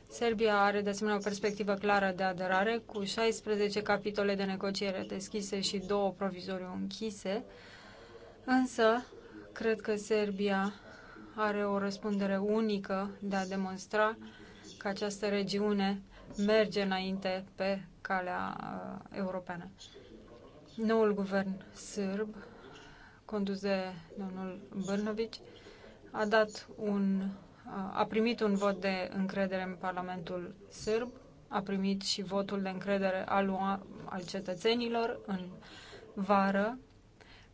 Serbia are, de asemenea, o perspectivă clară de aderare cu 16 capitole de negociere deschise și două provizoriu închise, însă cred că Serbia are o răspundere unică de a demonstra că această regiune merge înainte pe calea uh, europeană. Noul guvern sârb, condus de domnul Brnovic, a dat un uh, a primit un vot de încredere în Parlamentul sârb, a primit și votul de încredere al, al cetățenilor în vară.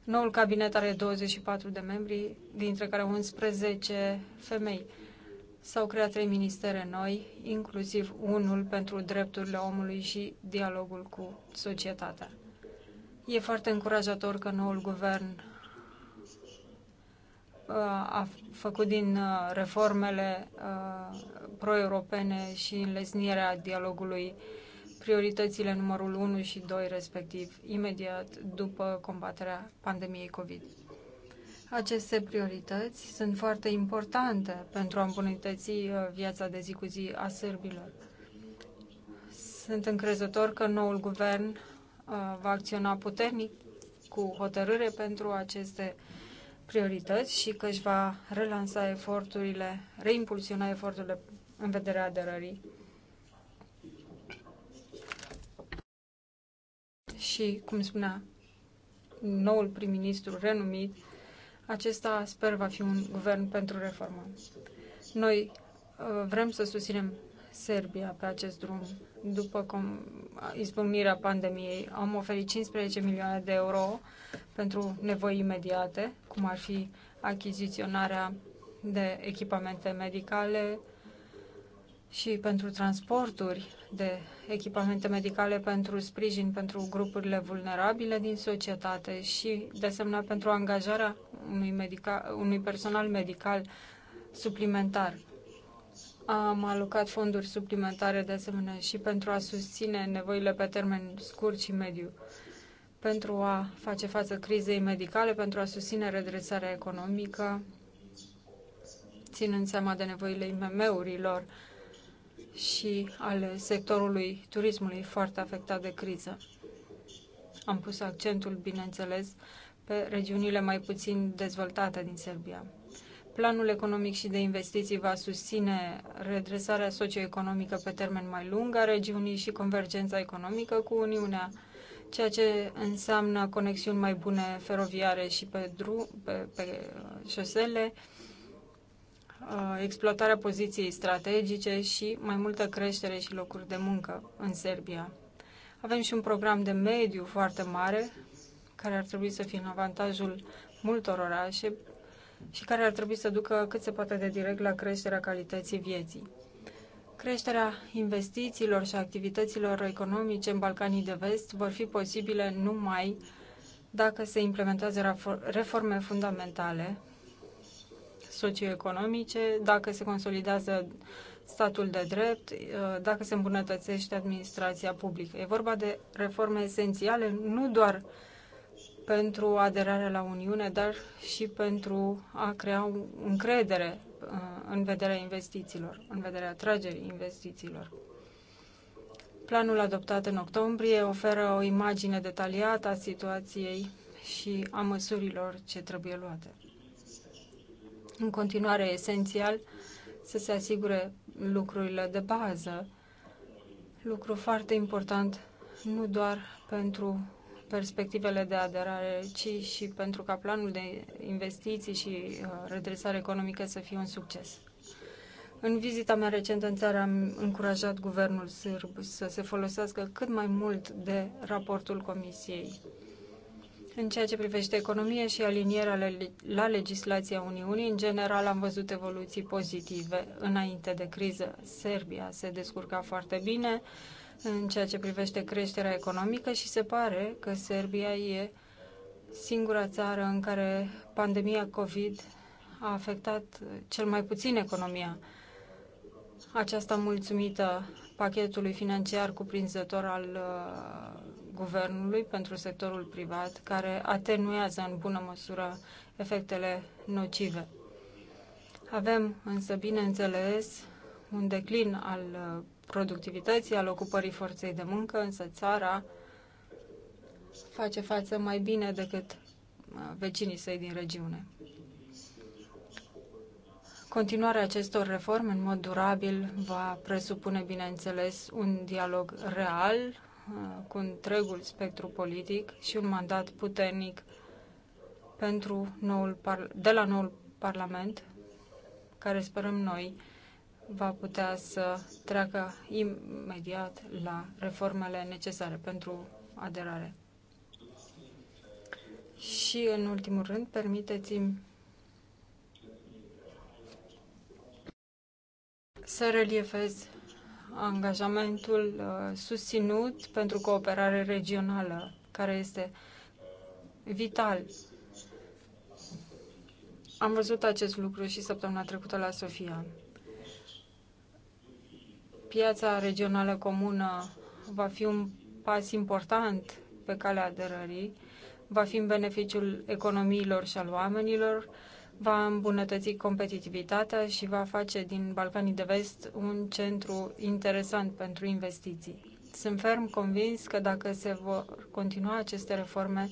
Noul cabinet are 24 de membri, dintre care 11 femei. S-au creat trei ministere noi, inclusiv unul pentru drepturile omului și dialogul cu societatea. E foarte încurajator că noul guvern uh, a făcut din uh, reformele uh, pro-europene și înlesnirea dialogului prioritățile numărul 1 și 2 respectiv, imediat după combaterea pandemiei COVID. Aceste priorități sunt foarte importante pentru a îmbunătăți uh, viața de zi cu zi a sârbilor. Sunt încrezător că noul guvern uh, va acționa puternic cu hotărâre pentru aceste priorități și că își va relansa eforturile, reimpulsiona eforturile în vederea aderării. Și, cum spunea noul prim-ministru renumit, acesta, sper, va fi un guvern pentru reformă. Noi uh, vrem să susținem Serbia pe acest drum. După cum uh, izbucnirea pandemiei, am oferit 15 milioane de euro pentru nevoi imediate, cum ar fi achiziționarea de echipamente medicale și pentru transporturi de echipamente medicale pentru sprijin pentru grupurile vulnerabile din societate și, de asemenea, pentru angajarea unui, medica, unui personal medical suplimentar. Am alocat fonduri suplimentare, de asemenea, și pentru a susține nevoile pe termen scurt și mediu, pentru a face față crizei medicale, pentru a susține redresarea economică, ținând seama de nevoile IMM-urilor, și al sectorului turismului foarte afectat de criză. Am pus accentul, bineînțeles, pe regiunile mai puțin dezvoltate din Serbia. Planul economic și de investiții va susține redresarea socioeconomică pe termen mai lung a regiunii și convergența economică cu Uniunea, ceea ce înseamnă conexiuni mai bune feroviare și pe, drum, pe, pe șosele, Uh, exploatarea poziției strategice și mai multă creștere și locuri de muncă în Serbia. Avem și un program de mediu foarte mare, care ar trebui să fie în avantajul multor orașe și care ar trebui să ducă cât se poate de direct la creșterea calității vieții. Creșterea investițiilor și activităților economice în Balcanii de Vest vor fi posibile numai dacă se implementează reforme fundamentale socioeconomice, dacă se consolidează statul de drept, uh, dacă se îmbunătățește administrația publică. E vorba de reforme esențiale, nu doar pentru aderarea la Uniune, dar și pentru a crea încredere uh, în vederea investițiilor, în vederea atragerii investițiilor. Planul adoptat în octombrie oferă o imagine detaliată a situației și a măsurilor ce trebuie luate. În continuare, esențial să se asigure lucrurile de bază, lucru foarte important nu doar pentru perspectivele de aderare, ci și pentru ca planul de investiții și uh, redresare economică să fie un succes. În vizita mea recentă în țară am încurajat guvernul sârb să se folosească cât mai mult de raportul Comisiei în ceea ce privește economia și alinierea la legislația Uniunii, în general am văzut evoluții pozitive. Înainte de criză, Serbia se descurca foarte bine în ceea ce privește creșterea economică și se pare că Serbia e singura țară în care pandemia COVID a afectat cel mai puțin economia. Aceasta mulțumită pachetului financiar cuprinzător al uh, guvernului pentru sectorul privat, care atenuează în bună măsură efectele nocive. Avem însă, bineînțeles, un declin al uh, productivității, al ocupării forței de muncă, însă țara face față mai bine decât uh, vecinii săi din regiune. Continuarea acestor reforme în mod durabil va presupune, bineînțeles, un dialog real Uh, cu întregul spectru politic și un mandat puternic pentru noul de la noul Parlament, care sperăm noi va putea să treacă imediat la reformele necesare pentru aderare. Și, în ultimul rând, permiteți-mi să reliefez angajamentul uh, susținut pentru cooperare regională, care este vital. Am văzut acest lucru și săptămâna trecută la Sofia. Piața regională comună va fi un pas important pe calea aderării, va fi în beneficiul economiilor și al oamenilor, va îmbunătăți competitivitatea și va face din Balcanii de Vest un centru interesant pentru investiții. Sunt ferm convins că dacă se vor continua aceste reforme,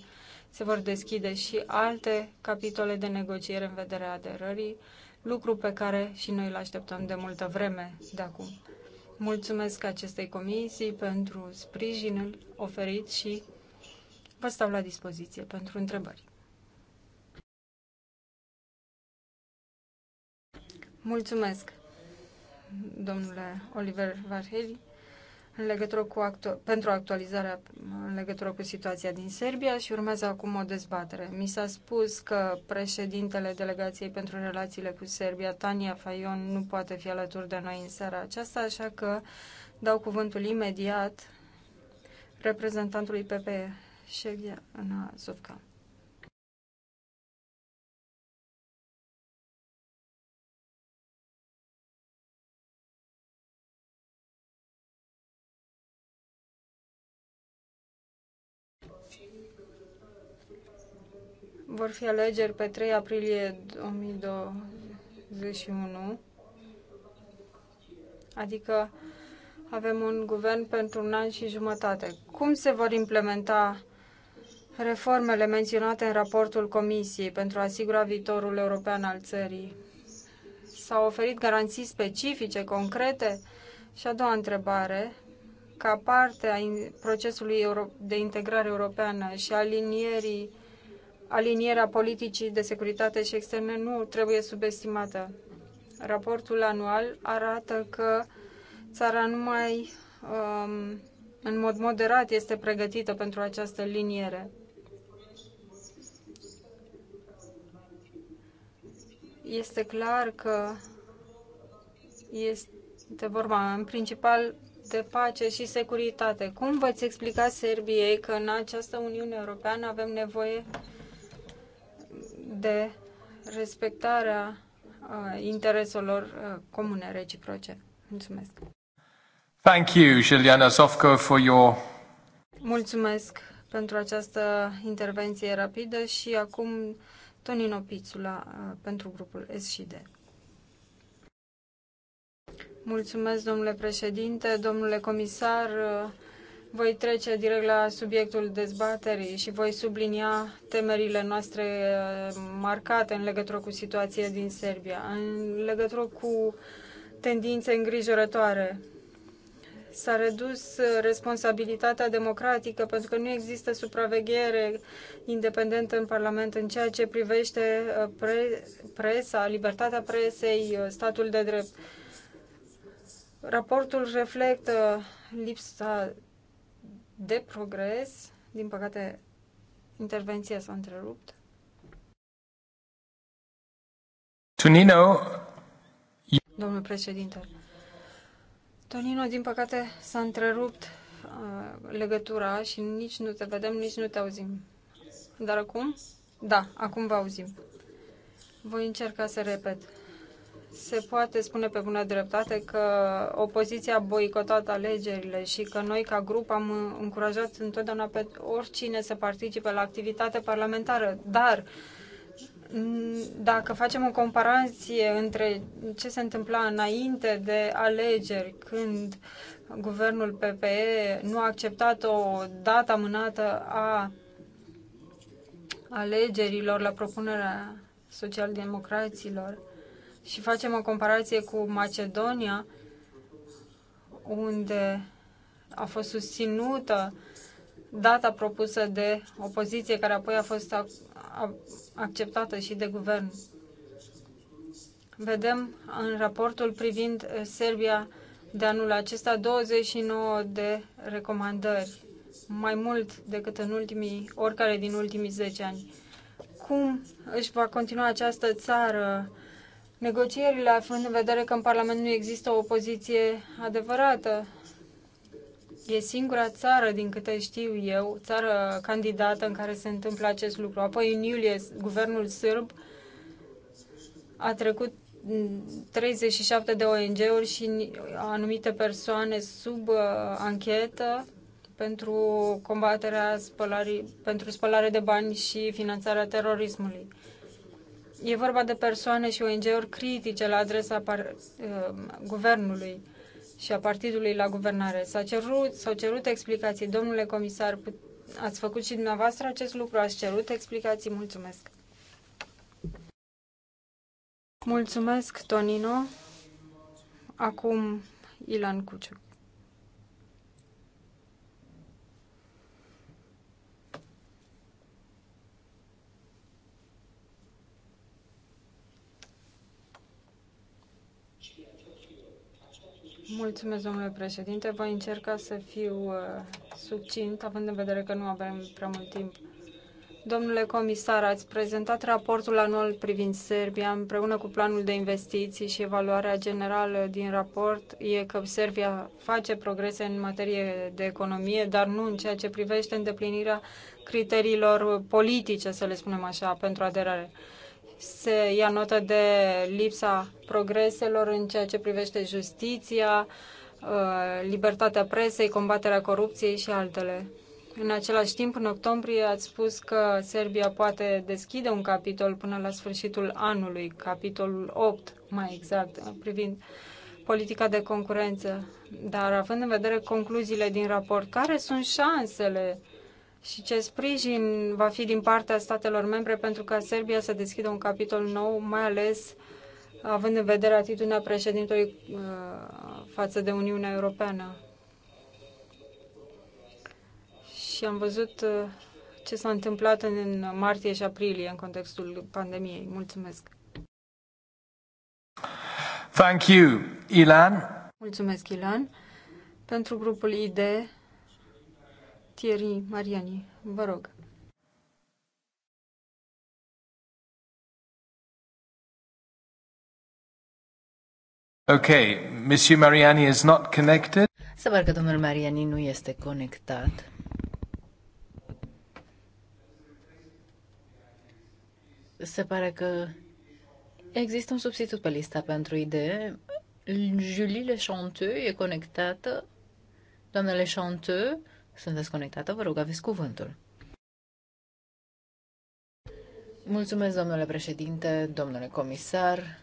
se vor deschide și alte capitole de negociere în vederea aderării, lucru pe care și noi îl așteptăm de multă vreme de acum. Mulțumesc acestei comisii pentru sprijinul oferit și vă stau la dispoziție pentru întrebări. Mulțumesc, domnule Oliver Varheli, în legătură cu actu- pentru actualizarea în legătură cu situația din Serbia și urmează acum o dezbatere. Mi s-a spus că președintele Delegației pentru Relațiile cu Serbia, Tania Fayon, nu poate fi alături de noi în seara aceasta, așa că dau cuvântul imediat reprezentantului PP Șevia Ana Sufca. Vor fi alegeri pe 3 aprilie 2021, adică avem un guvern pentru un an și jumătate. Cum se vor implementa reformele menționate în raportul Comisiei pentru a asigura viitorul european al țării? S-au oferit garanții specifice, concrete? Și a doua întrebare, ca parte a procesului de integrare europeană și alinierii alinierea politicii de securitate și externe nu trebuie subestimată. Raportul anual arată că țara nu mai um, în mod moderat este pregătită pentru această liniere. Este clar că este vorba în principal de pace și securitate. Cum veți explica Serbiei că în această Uniune Europeană avem nevoie de respectarea uh, intereselor uh, comune reciproce. Mulțumesc. Thank you, Juliana Sofko, for your... Mulțumesc pentru această intervenție rapidă și acum Tonino Pițula uh, pentru grupul SCD. Mulțumesc, domnule președinte, domnule comisar, voi trece direct la subiectul dezbaterii și voi sublinia temerile noastre uh, marcate în legătură cu situația din Serbia, în legătură cu tendințe îngrijorătoare. S-a redus uh, responsabilitatea democratică pentru că nu există supraveghere independentă în Parlament în ceea ce privește uh, pre- presa, libertatea presei, statul de drept. Raportul reflectă lipsa de progres. Din păcate, intervenția s-a întrerupt. Tonino. Domnul președinte, Tonino, din păcate, s-a întrerupt uh, legătura și nici nu te vedem, nici nu te auzim. Dar acum? Da, acum vă auzim. Voi încerca să repet se poate spune pe bună dreptate că opoziția a boicotat alegerile și că noi, ca grup, am încurajat întotdeauna pe oricine să participe la activitate parlamentară. Dar, dacă facem o comparație între ce se întâmpla înainte de alegeri, când guvernul PPE nu a acceptat o dată amânată a alegerilor la propunerea socialdemocraților, și facem o comparație cu Macedonia, unde a fost susținută data propusă de opoziție, care apoi a fost acceptată și de guvern. Vedem în raportul privind eh, Serbia de anul acesta 29 de recomandări, mai mult decât în ultimii, oricare din ultimii 10 ani. Cum își va continua această țară negocierile, având în vedere că în Parlament nu există o opoziție adevărată. E singura țară, din câte știu eu, țară candidată în care se întâmplă acest lucru. Apoi, în iulie, guvernul sârb a trecut 37 de ONG-uri și anumite persoane sub uh, anchetă pentru combaterea spălării, pentru spălare de bani și finanțarea terorismului. E vorba de persoane și ONG-uri critice la adresa par, uh, guvernului și a partidului la guvernare. S-a cerut, s a cerut explicații. Domnule comisar, ați făcut și dumneavoastră acest lucru? Ați cerut explicații? Mulțumesc! Mulțumesc, Tonino! Acum, Ilan Cuciu. Mulțumesc, domnule președinte. Voi încerca să fiu uh, succint, având în vedere că nu avem prea mult timp. Domnule comisar, ați prezentat raportul anual privind Serbia împreună cu planul de investiții și evaluarea generală din raport e că Serbia face progrese în materie de economie, dar nu în ceea ce privește îndeplinirea criteriilor politice, să le spunem așa, pentru aderare se ia notă de lipsa progreselor în ceea ce privește justiția, uh, libertatea presei, combaterea corupției și altele. În același timp, în octombrie ați spus că Serbia poate deschide un capitol până la sfârșitul anului, capitolul 8 mai exact, privind politica de concurență. Dar având în vedere concluziile din raport, care sunt șansele și ce sprijin va fi din partea statelor membre pentru ca Serbia să deschidă un capitol nou, mai ales având în vedere atitudinea președintelui uh, față de Uniunea Europeană. Și am văzut uh, ce s-a întâmplat în martie și aprilie în contextul pandemiei. Mulțumesc! Thank you, Ilan. Mulțumesc, Ilan. Pentru grupul IDE, Thierry Mariani. Vă rog. Okay, Monsieur Mariani is not connected. Se pare că domnul Mariani nu este conectat. Se pare că există un substitut pe lista pentru idee. Julie Le Chanteux e conectată. Doamnele Chanteux, sunt desconectată, Vă rog, aveți cuvântul. Mulțumesc, domnule președinte, domnule comisar.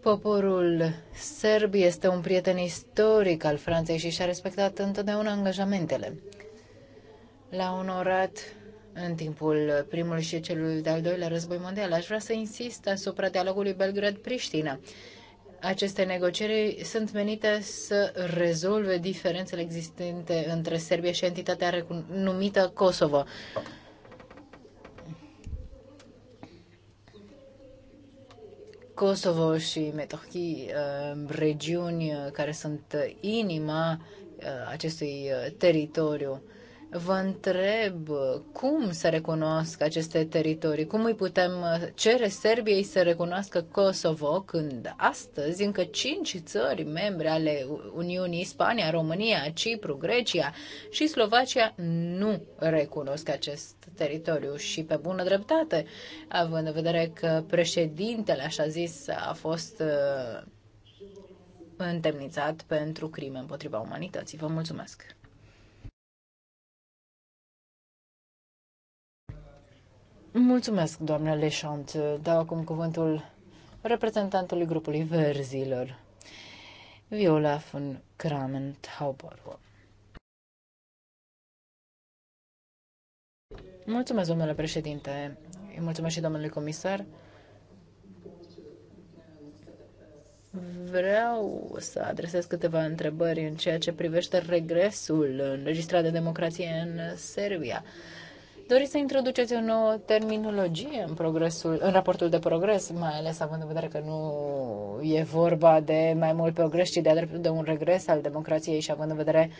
Poporul serb este un prieten istoric al Franței și și-a respectat întotdeauna angajamentele. L-a onorat în timpul primului și celui de-al doilea război mondial. Aș vrea să insist asupra dialogului Belgrad-Priștina aceste negocieri sunt menite să rezolve diferențele existente între Serbia și entitatea numită Kosovo. Kosovo și Metohchi, uh, regiuni care sunt inima uh, acestui uh, teritoriu vă întreb cum să recunoască aceste teritorii, cum îi putem cere Serbiei să recunoască Kosovo când astăzi încă cinci țări membre ale Uniunii, Spania, România, Cipru, Grecia și Slovacia nu recunosc acest teritoriu și pe bună dreptate, având în vedere că președintele, așa zis, a fost uh, întemnițat pentru crime împotriva umanității. Vă mulțumesc! Mulțumesc, doamnă Leșant. Dau acum cuvântul reprezentantului grupului Verzilor, Viola von Kramen Tauber. Mulțumesc, domnule președinte. mulțumesc și domnului comisar. Vreau să adresez câteva întrebări în ceea ce privește regresul înregistrat de democrație în Serbia. Doriți să introduceți o nouă terminologie în, progresul, în raportul de progres, mai ales având în vedere că nu e vorba de mai mult progres, ci de-a de un regres al democrației și având în vedere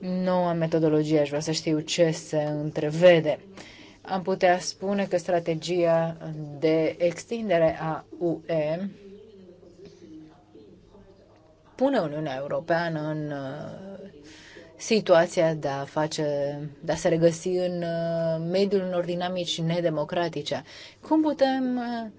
noua metodologie, aș vrea să știu ce se întrevede. Am putea spune că strategia de extindere a UE pune Uniunea Europeană în situația de a, face, de a se regăsi în uh, mediul unor dinamici nedemocratice. Cum putem uh,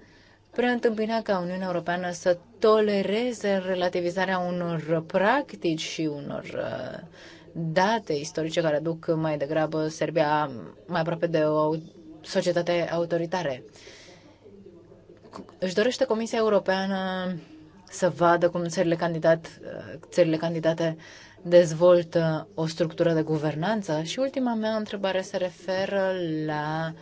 preîntâmpina ca Uniunea Europeană să tolereze relativizarea unor practici și unor uh, date istorice care aduc mai degrabă Serbia mai aproape de o societate autoritare. Își dorește Comisia Europeană să vadă cum țările, candidat, țările candidate dezvoltă o structură de guvernanță? Și ultima mea întrebare se referă la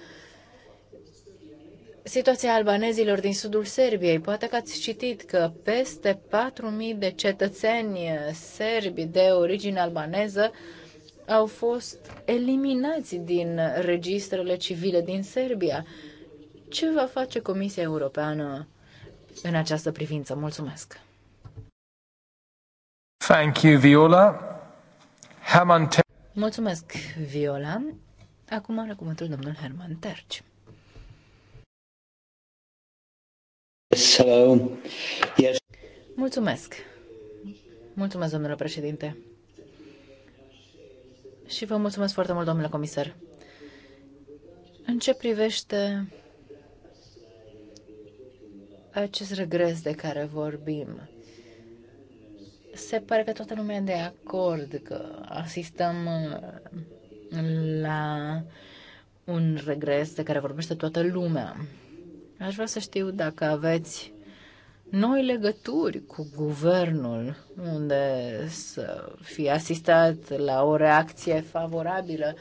situația albanezilor din sudul Serbiei. Poate că ați citit că peste 4.000 de cetățeni serbi de origine albaneză au fost eliminați din registrele civile din Serbia. Ce va face Comisia Europeană în această privință? Mulțumesc! Thank you, Viola. Herman Ter- Mulțumesc, Viola. Acum are cuvântul domnul Herman Terci. Yes, hello. Yes. Mulțumesc. Mulțumesc, domnule președinte. Și vă mulțumesc foarte mult, domnule comisar. În ce privește acest regres de care vorbim, se pare că toată lumea e de acord că asistăm uh, la un regres de care vorbește toată lumea. Aș vrea să știu dacă aveți noi legături cu guvernul, unde să fie asistat la o reacție favorabilă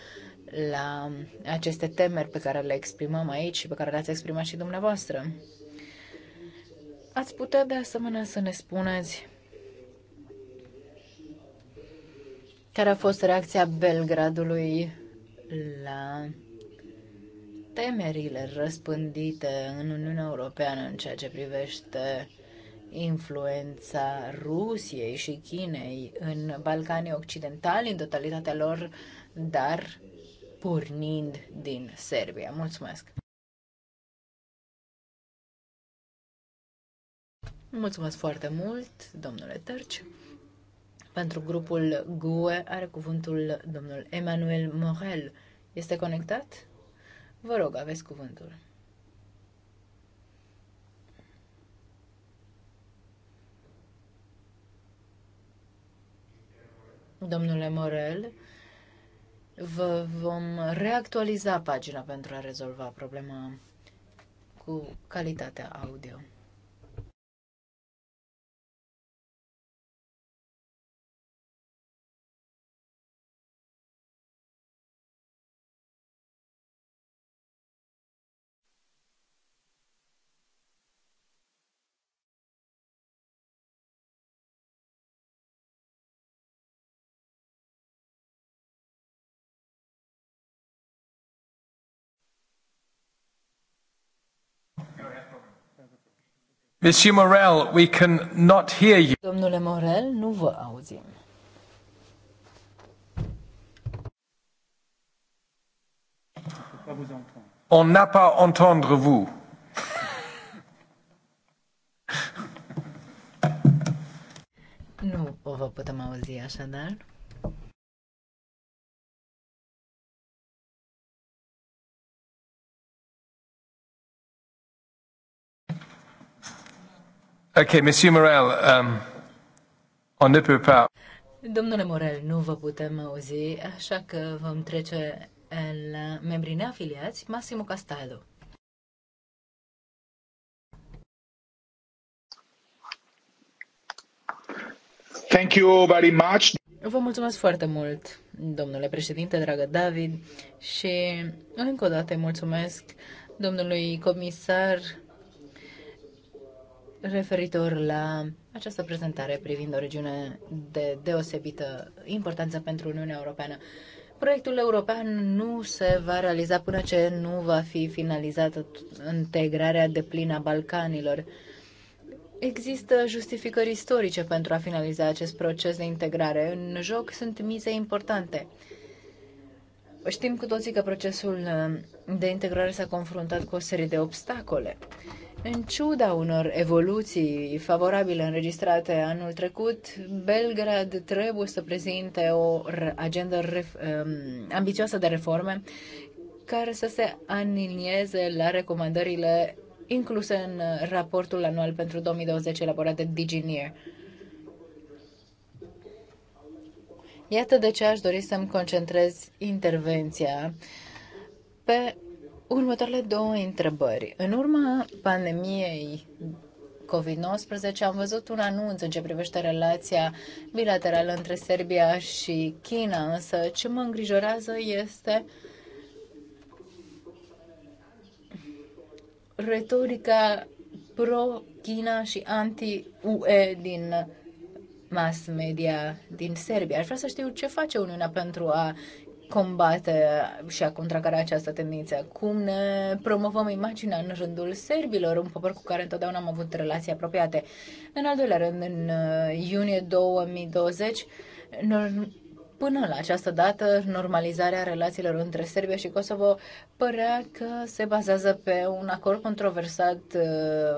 la aceste temeri pe care le exprimăm aici și pe care le-ați exprimat și dumneavoastră. Ați putea de asemenea să ne spuneți Care a fost reacția Belgradului la temerile răspândite în Uniunea Europeană în ceea ce privește influența Rusiei și Chinei în Balcanii Occidentali, în totalitatea lor, dar pornind din Serbia. Mulțumesc! Mulțumesc foarte mult, domnule Tărci. Pentru grupul GUE are cuvântul domnul Emanuel Morel. Este conectat? Vă rog, aveți cuvântul. Domnule Morel, vă vom reactualiza pagina pentru a rezolva problema cu calitatea audio. Monsieur Morel, we can not hear you. Domnule Morel, nu vă auzim. On n'a pas entendre vous. nu o vă putem auzi așadar. Ok, Monsieur Morel, um, on ne peut pas. Domnule Morel, nu vă putem auzi, așa că vom trece la membrii neafiliați, Massimo Castaldo. Thank you very much. Vă mulțumesc foarte mult, domnule președinte, dragă David, și încă o dată mulțumesc domnului comisar referitor la această prezentare privind o regiune de deosebită importanță pentru Uniunea Europeană. Proiectul european nu se va realiza până ce nu va fi finalizată integrarea de plină a Balcanilor. Există justificări istorice pentru a finaliza acest proces de integrare. În joc sunt mize importante. Știm cu toții că procesul de integrare s-a confruntat cu o serie de obstacole. În ciuda unor evoluții favorabile înregistrate anul trecut, Belgrad trebuie să prezinte o agendă um, ambițioasă de reforme care să se anilieze la recomandările incluse în raportul anual pentru 2020 elaborat de DigiNear. Iată de ce aș dori să-mi concentrez intervenția pe Următoarele două întrebări. În urma pandemiei COVID-19 am văzut un anunț în ce privește relația bilaterală între Serbia și China, însă ce mă îngrijorează este retorica pro-China și anti-UE din mass media din Serbia. Aș vrea să știu ce face Uniunea pentru a combate și a contracara această tendință? Cum ne promovăm imaginea în rândul serbilor, un popor cu care întotdeauna am avut relații apropiate? În al doilea rând, în uh, iunie 2020, Până la această dată, normalizarea relațiilor între Serbia și Kosovo părea că se bazează pe un acord controversat uh,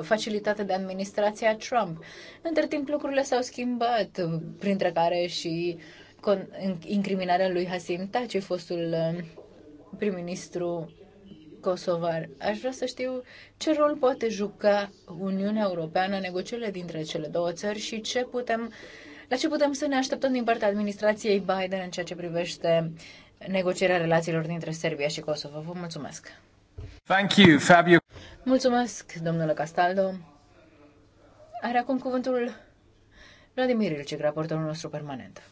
facilitat de administrația Trump. Între timp, lucrurile s-au schimbat, printre care și uh, incriminarea lui Hasim Taci, fostul um, prim-ministru kosovar. Aș vrea să știu ce rol poate juca Uniunea Europeană în negocierile dintre cele două țări și ce putem, la ce putem să ne așteptăm din partea administrației Biden în ceea ce privește negocierea relațiilor dintre Serbia și Kosovo. Vă mulțumesc! Thank you, Fabio. Mulțumesc, domnule Castaldo. Are acum cuvântul Vladimir Ilcic, raportorul nostru permanent.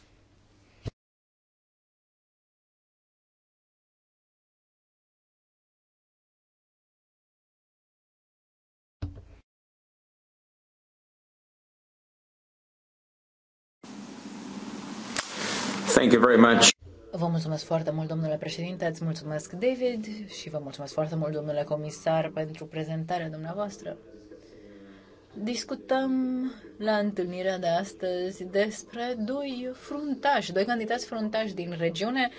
Thank you very much. Vă mulțumesc foarte mult, domnule președinte, îți mulțumesc, David, și vă mulțumesc foarte mult, domnule comisar, pentru prezentarea dumneavoastră. Discutăm la întâlnirea de astăzi despre doi fruntași, doi candidați fruntași din regiune,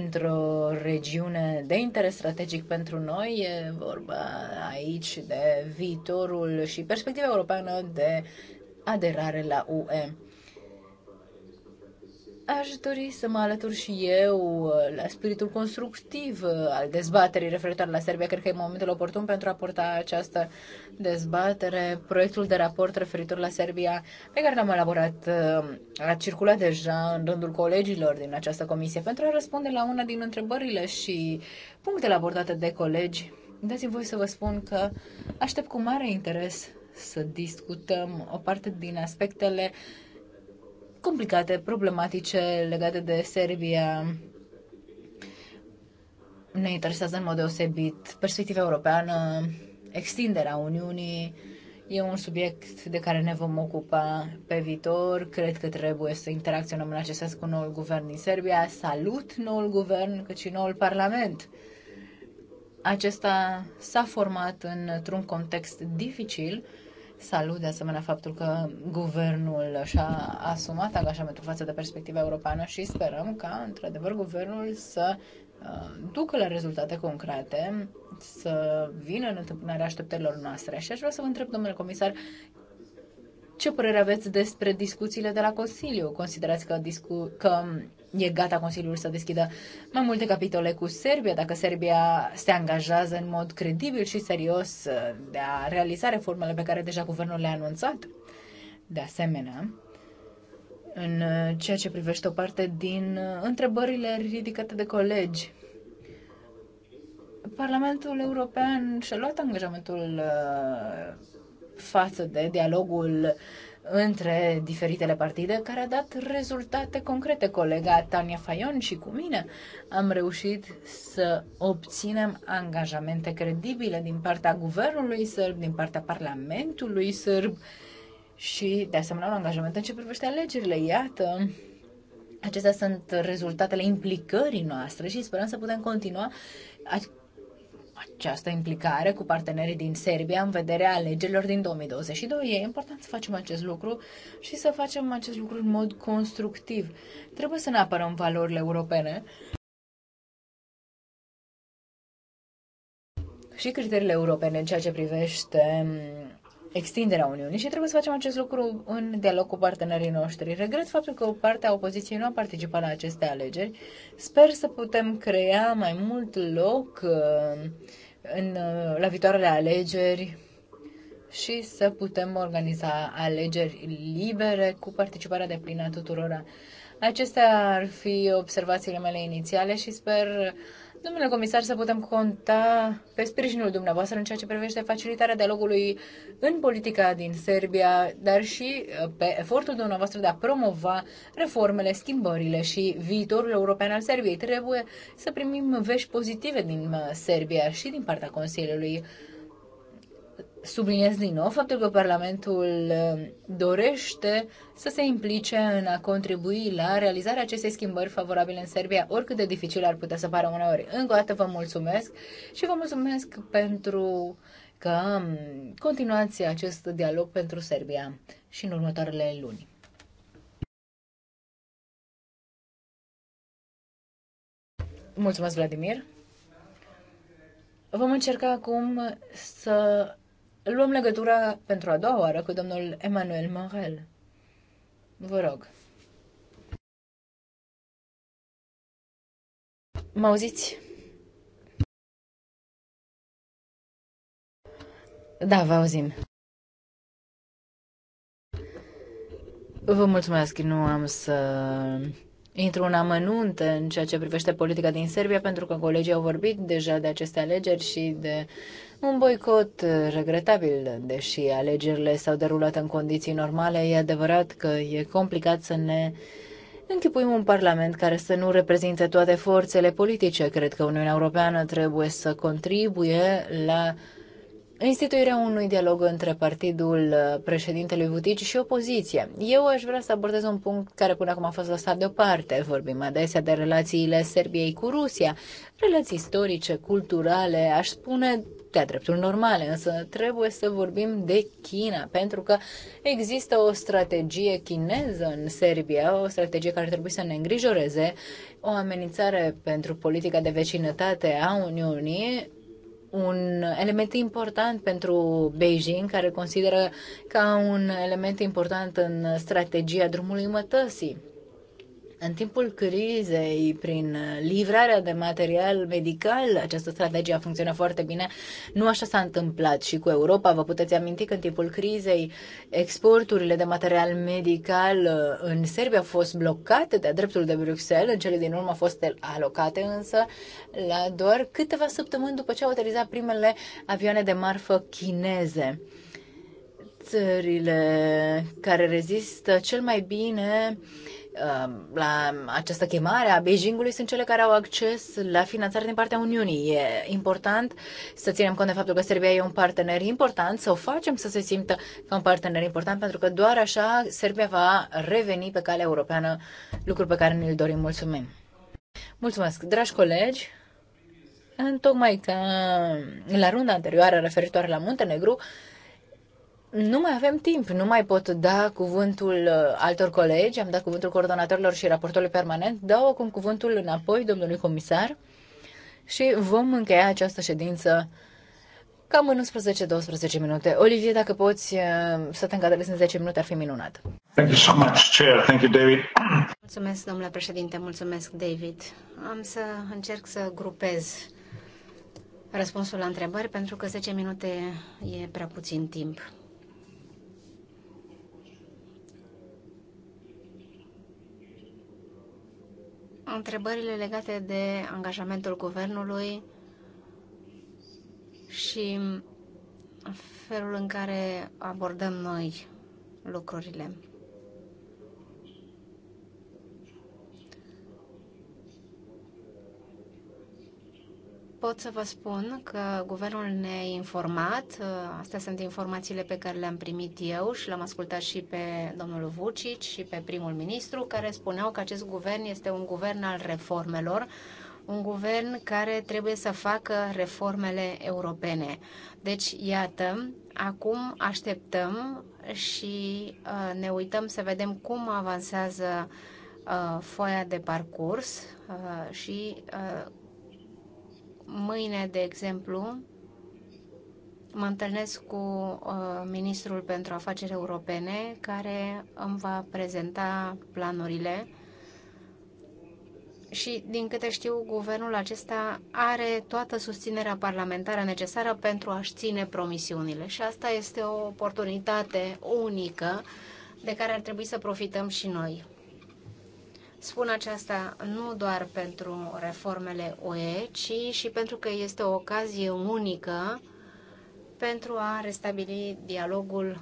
într-o regiune de interes strategic pentru noi. E vorba aici de viitorul și perspectiva europeană de aderare la UE. Aș dori să mă alătur și eu uh, la spiritul constructiv uh, al dezbaterii referitor la Serbia. Cred că e momentul oportun pentru a porta această dezbatere. Proiectul de raport referitor la Serbia pe care l-am elaborat uh, a circulat deja în rândul colegilor din această comisie pentru a răspunde la una din întrebările și punctele abordate de colegi. Dați-mi voi să vă spun că aștept cu mare interes să discutăm o parte din aspectele complicate, problematice legate de Serbia. Ne interesează în mod deosebit perspectiva europeană, extinderea Uniunii. E un subiect de care ne vom ocupa pe viitor. Cred că trebuie să interacționăm în acest sens cu noul guvern din Serbia. Salut noul guvern, cât și noul parlament. Acesta s-a format într-un context dificil, Salut de asemenea faptul că guvernul și-a asumat angajamentul față de perspectiva europeană și sperăm ca, într-adevăr, guvernul să uh, ducă la rezultate concrete, să vină în întâmpinarea așteptărilor noastre. Și aș vrea să vă întreb, domnule comisar, ce părere aveți despre discuțiile de la Consiliu? Considerați că, discu- că e gata Consiliul să deschidă mai multe capitole cu Serbia, dacă Serbia se angajează în mod credibil și serios uh, de a realiza reformele pe care deja guvernul le-a anunțat. De asemenea, în uh, ceea ce privește o parte din uh, întrebările ridicate de colegi, Parlamentul European și-a luat angajamentul față de dialogul uh, între diferitele partide, care a dat rezultate concrete. Colega Tania Fayon și cu mine am reușit să obținem angajamente credibile din partea guvernului sârb, din partea parlamentului sârb și, de asemenea, un angajament în ce privește alegerile. Iată, Acestea sunt rezultatele implicării noastre și sperăm să putem continua această implicare cu partenerii din Serbia în vederea alegerilor din 2022. E important să facem acest lucru și să facem acest lucru în mod constructiv. Trebuie să ne apărăm valorile europene și criteriile europene în ceea ce privește mm, extinderea Uniunii și trebuie să facem acest lucru în dialog cu partenerii noștri. Regret faptul că o parte a opoziției nu a participat la aceste alegeri. Sper să putem crea mai mult loc uh, în, uh, la viitoarele alegeri și să putem organiza alegeri libere cu participarea de plină a tuturora. Acestea ar fi observațiile mele inițiale și sper Domnule comisar, să putem conta pe sprijinul dumneavoastră în ceea ce privește facilitarea dialogului în politica din Serbia, dar și uh, pe efortul dumneavoastră de a promova reformele, schimbările și viitorul european al Serbiei. Trebuie să primim vești pozitive din uh, Serbia și din partea Consiliului subliniez din nou faptul că Parlamentul um, dorește să se implice în a contribui la realizarea acestei schimbări favorabile în Serbia, oricât de dificil ar putea să pară uneori. Încă o dată vă mulțumesc și vă mulțumesc pentru că um, continuați acest dialog pentru Serbia și în următoarele luni. Mulțumesc, Vladimir. Vom încerca acum să luăm legătura pentru a doua oară cu domnul Emmanuel Morel. Vă rog. Mă auziți? Da, vă auzim. Vă mulțumesc, nu am să intru în amănunt în ceea ce privește politica din Serbia, pentru că colegii au vorbit deja de aceste alegeri și de un boicot regretabil, deși alegerile s-au derulat în condiții normale. E adevărat că e complicat să ne închipuim un parlament care să nu reprezinte toate forțele politice. Cred că Uniunea Europeană trebuie să contribuie la instituirea unui dialog între partidul uh, președintelui Vutici și opoziție. Eu aș vrea să abordez un punct care până acum a fost lăsat deoparte. Vorbim adesea de relațiile Serbiei cu Rusia, relații istorice, culturale, aș spune de-a dreptul normale, însă trebuie să vorbim de China, pentru că există o strategie chineză în Serbia, o strategie care trebuie să ne îngrijoreze, o amenințare pentru politica de vecinătate a Uniunii, un element important pentru Beijing, care consideră ca un element important în strategia drumului mătăsii. În timpul crizei, prin livrarea de material medical, această strategie a funcționat foarte bine. Nu așa s-a întâmplat și cu Europa. Vă puteți aminti că în timpul crizei exporturile de material medical uh, în Serbia au fost blocate de-a dreptul de Bruxelles, în cele din urmă au fost alocate însă la doar câteva săptămâni după ce au aterizat primele avioane de marfă chineze țările care rezistă cel mai bine Um, la această chemare a Beijingului sunt cele care au acces la finanțare din partea Uniunii. E important să ținem cont de faptul că Serbia e un partener important, să o facem să se simtă ca un partener important, pentru că doar așa Serbia va reveni pe calea europeană, lucru pe care ne-l dorim. Mulțumim! Mulțumesc, dragi colegi! În tocmai că la runda anterioară referitoare la Muntenegru, nu mai avem timp, nu mai pot da cuvântul uh, altor colegi, am dat cuvântul coordonatorilor și raportorului permanent, dau acum cuvântul înapoi domnului comisar și vom încheia această ședință cam în 11-12 minute. Olivier, dacă poți uh, să te încadrezi în 10 minute, ar fi minunat. Thank you so much, Chair. Thank you, David. Mulțumesc, domnule președinte, mulțumesc, David. Am să încerc să grupez răspunsul la întrebări, pentru că 10 minute e prea puțin timp. întrebările legate de angajamentul guvernului și felul în care abordăm noi lucrurile. pot să vă spun că guvernul ne-a informat, ă, astea sunt informațiile pe care le-am primit eu și l-am ascultat și pe domnul Vucic și pe primul ministru, care spuneau că acest guvern este un guvern al reformelor, un guvern care trebuie să facă reformele europene. Deci, iată, acum așteptăm și ă, ne uităm să vedem cum avansează ă, foaia de parcurs și mâine, de exemplu, mă întâlnesc cu uh, ministrul pentru afaceri europene, care îmi va prezenta planurile. Și, din câte știu, guvernul acesta are toată susținerea parlamentară necesară pentru a-și ține promisiunile. Și asta este o oportunitate unică de care ar trebui să profităm și noi. Spun aceasta nu doar pentru reformele UE, ci și pentru că este o ocazie unică pentru a restabili dialogul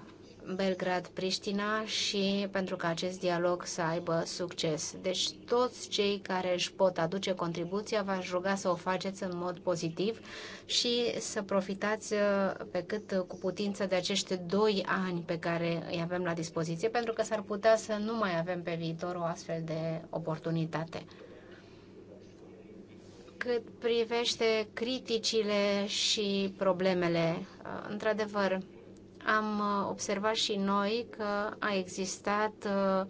Belgrad-Priștina și pentru ca acest dialog să aibă succes. Deci toți cei care își pot aduce contribuția, v-aș ruga să o faceți în mod pozitiv și să profitați uh, pe cât uh, cu putință de acești doi ani pe care îi avem la dispoziție, pentru că s-ar putea să nu mai avem pe viitor o astfel de oportunitate cât privește criticile și problemele, uh, într-adevăr, am uh, observat și noi că a existat uh,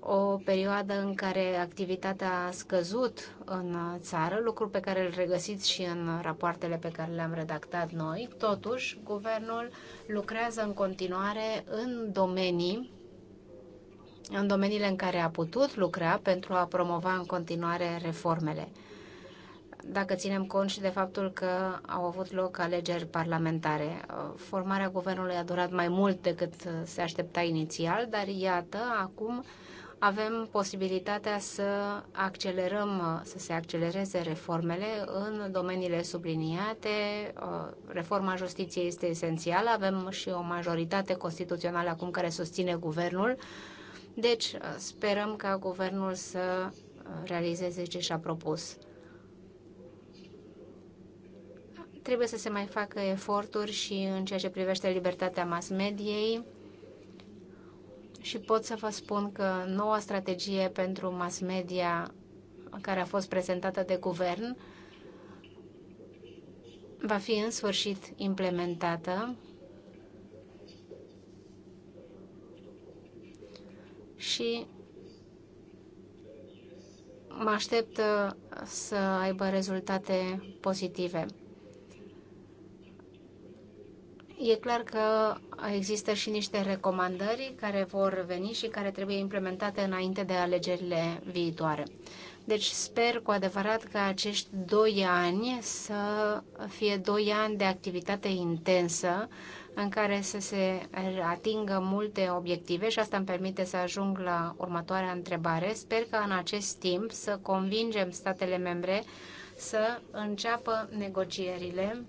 o perioadă în care activitatea a scăzut în uh, țară, lucru pe care îl regăsiți și în rapoartele pe care le-am redactat noi. Totuși, guvernul lucrează în continuare în domenii în domeniile în care a putut lucra pentru a promova în continuare reformele dacă ținem cont și de faptul că au avut loc alegeri parlamentare. Uh, formarea guvernului a durat mai mult decât uh, se aștepta inițial, dar iată, acum avem posibilitatea să accelerăm, uh, să se accelereze reformele în domeniile subliniate. Reforma justiției este esențială, avem și o majoritate constituțională acum care susține guvernul. Deci sperăm ca guvernul să realizeze ce și-a propus. Trebuie să se mai facă eforturi și în ceea ce privește libertatea mass mediei și pot să vă spun că noua strategie pentru mass media care a fost prezentată de guvern va fi în sfârșit implementată și mă aștept să aibă rezultate pozitive. E clar că există și niște recomandări care vor veni și care trebuie implementate înainte de alegerile viitoare. Deci sper cu adevărat că acești doi ani să fie doi ani de activitate intensă în care să se atingă multe obiective și asta îmi permite să ajung la următoarea întrebare. Sper că în acest timp să convingem statele membre să înceapă negocierile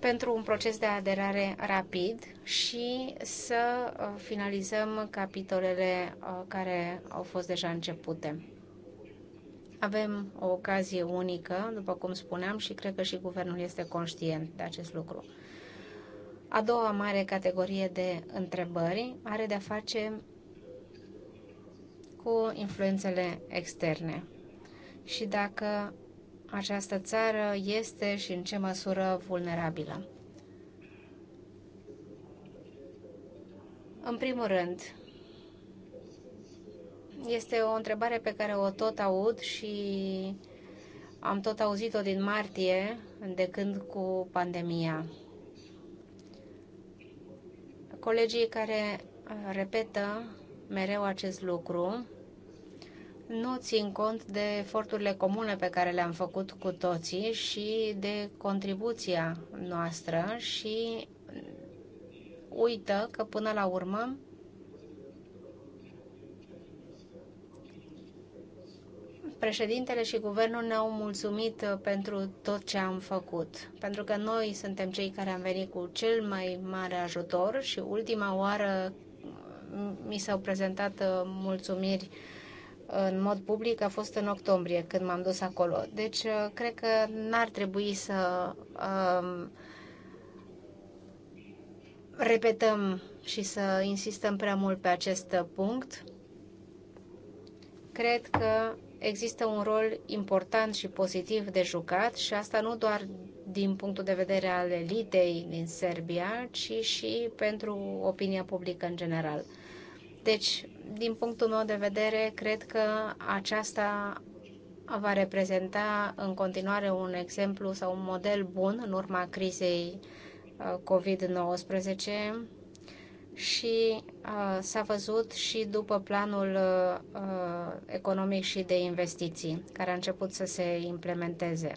pentru un proces de aderare rapid și să uh, finalizăm capitolele uh, care au fost deja începute. Avem o ocazie unică, după cum spuneam, și cred că și guvernul este conștient de acest lucru. A doua mare categorie de întrebări are de-a face cu influențele externe și dacă această țară este și în ce măsură vulnerabilă. În primul rând, este o întrebare pe care o tot aud și am tot auzit-o din martie, de când cu pandemia. Colegii care repetă mereu acest lucru nu țin cont de eforturile comune pe care le-am făcut cu toții și de contribuția noastră și uită că până la urmă președintele și guvernul ne-au mulțumit pentru tot ce am făcut, pentru că noi suntem cei care am venit cu cel mai mare ajutor și ultima oară mi s-au prezentat mulțumiri uh, în mod public a fost în octombrie când m-am dus acolo. Deci uh, cred că n-ar trebui să um, repetăm și să insistăm prea mult pe acest uh, punct. Cred că există un rol important și pozitiv de jucat și asta nu doar din punctul de vedere al elitei din Serbia, ci și pentru opinia publică în general. Deci, din punctul meu de vedere, cred că aceasta va reprezenta în continuare un exemplu sau un model bun în urma crizei uh, COVID-19 și uh, s-a văzut și după planul uh, economic și de investiții care a început să se implementeze.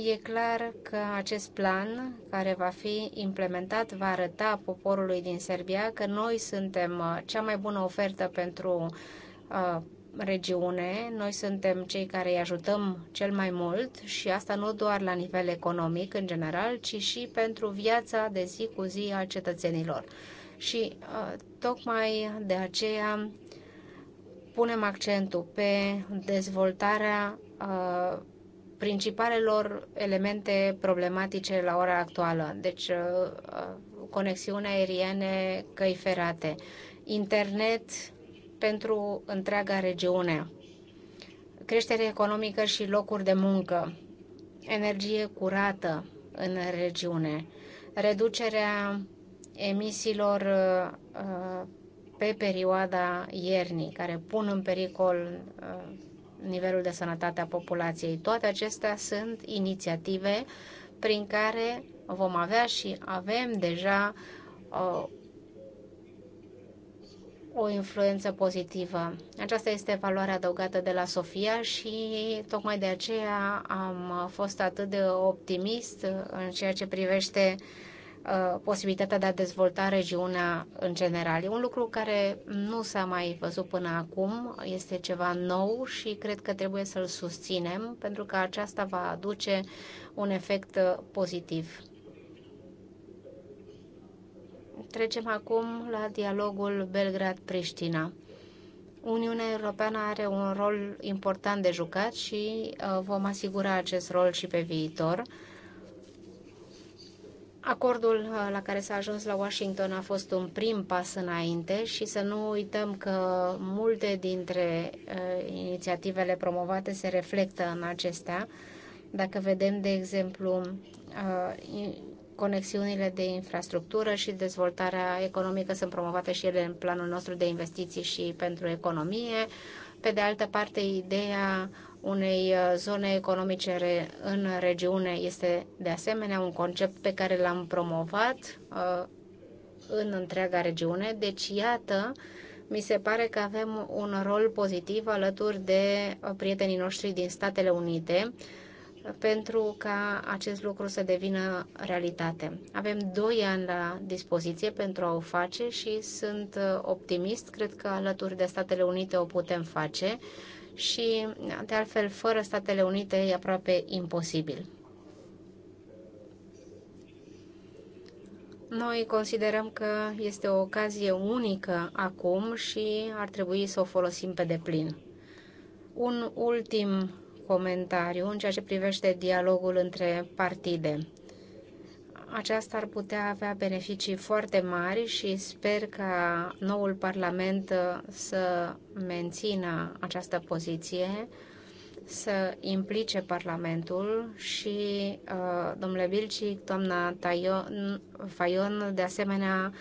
E clar că acest plan care va fi implementat va arăta poporului din Serbia că noi suntem uh, cea mai bună ofertă pentru uh, regiune, noi suntem cei care îi ajutăm cel mai mult și asta nu doar la nivel economic în general, ci și pentru viața de zi cu zi a cetățenilor. Și uh, tocmai de aceea punem accentul pe dezvoltarea uh, principalelor elemente problematice la ora actuală, deci uh, uh, conexiuni aeriene, căi ferate, internet pentru întreaga regiune, creștere economică și locuri de muncă, energie curată în regiune, reducerea emisiilor uh, pe perioada iernii, care pun în pericol nivelul de sănătate a populației. Toate acestea sunt inițiative prin care vom avea și avem deja o, uh, o influență pozitivă. Aceasta este valoarea adăugată de la Sofia și tocmai de aceea am fost atât de optimist în ceea ce privește uh, Uh, posibilitatea de a dezvolta regiunea în general. E un lucru care nu s-a mai văzut până acum, este ceva nou și cred că trebuie să-l susținem pentru că aceasta va aduce un efect uh, pozitiv. Trecem acum la dialogul Belgrad-Priștina. Uniunea Europeană are un rol important de jucat și uh, vom asigura acest rol și pe viitor Acordul uh, la care s-a ajuns la Washington a fost un prim pas înainte și să nu uităm că multe dintre uh, inițiativele promovate se reflectă în acestea. Dacă vedem, de exemplu, uh, conexiunile de infrastructură și dezvoltarea economică sunt promovate și ele în planul nostru de investiții și pentru economie. Pe de altă parte, ideea unei uh, zone economice în regiune este de asemenea un concept pe care l-am promovat uh, în întreaga regiune. Deci, iată, mi se pare că avem un rol pozitiv alături de uh, prietenii noștri din Statele Unite pentru ca acest lucru să devină realitate. Avem doi ani la dispoziție pentru a o face și sunt optimist, cred că alături de Statele Unite o putem face și, de altfel, fără Statele Unite e aproape imposibil. Noi considerăm că este o ocazie unică acum și ar trebui să o folosim pe deplin. Un ultim comentariu în ceea ce privește dialogul între partide aceasta ar putea avea beneficii foarte mari și sper ca noul Parlament uh, să mențină această poziție, să implice Parlamentul și, uh, domnule Bilcic doamna Taion, Fayon, de asemenea,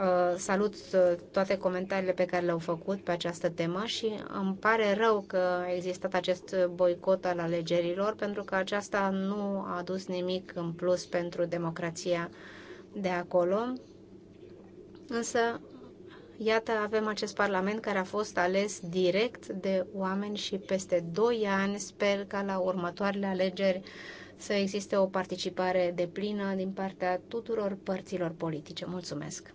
Uh, salut uh, toate comentariile pe care le-au făcut pe această temă și îmi pare rău că a existat acest boicot al alegerilor, pentru că aceasta nu a adus nimic în plus pentru democrația de acolo. Însă, iată, avem acest parlament care a fost ales direct de oameni și peste 2 ani sper ca la următoarele alegeri să existe o participare deplină din partea tuturor părților politice. Mulțumesc!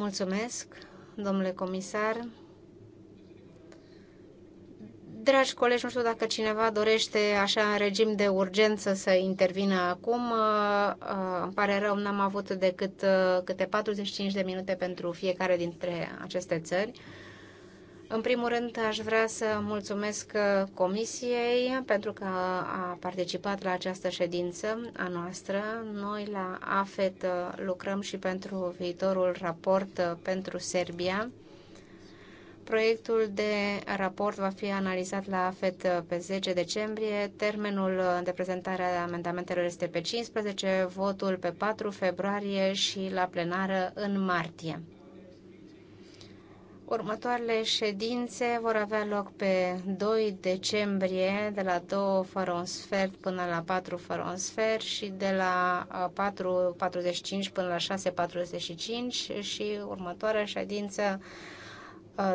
Mulțumesc, domnule comisar. Dragi colegi, nu știu dacă cineva dorește așa în regim de urgență să intervină acum. Uh, uh, îmi pare rău, n-am avut decât uh, câte 45 de minute pentru fiecare dintre aceste țări. În primul rând, aș vrea să mulțumesc uh, Comisiei pentru că a participat la această ședință a noastră. Noi la AFET uh, lucrăm și pentru viitorul raport uh, pentru Serbia. Proiectul de raport va fi analizat la AFET pe 10 decembrie. Termenul de prezentare a amendamentelor este pe 15, votul pe 4 februarie și la plenară în martie. Următoarele ședințe vor avea loc pe 2 decembrie de la 2 fără un sfert până la 4 fără un sfert și de la 4.45 până la 6.45 și următoarea ședință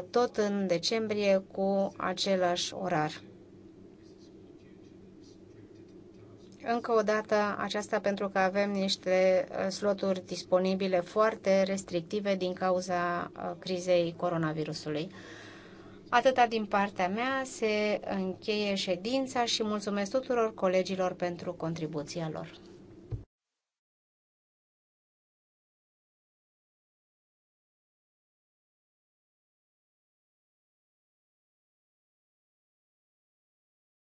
tot în decembrie cu același orar. Încă o dată aceasta pentru că avem niște uh, sloturi disponibile foarte restrictive din cauza uh, crizei coronavirusului. Atâta din partea mea, se încheie ședința și mulțumesc tuturor colegilor pentru contribuția lor.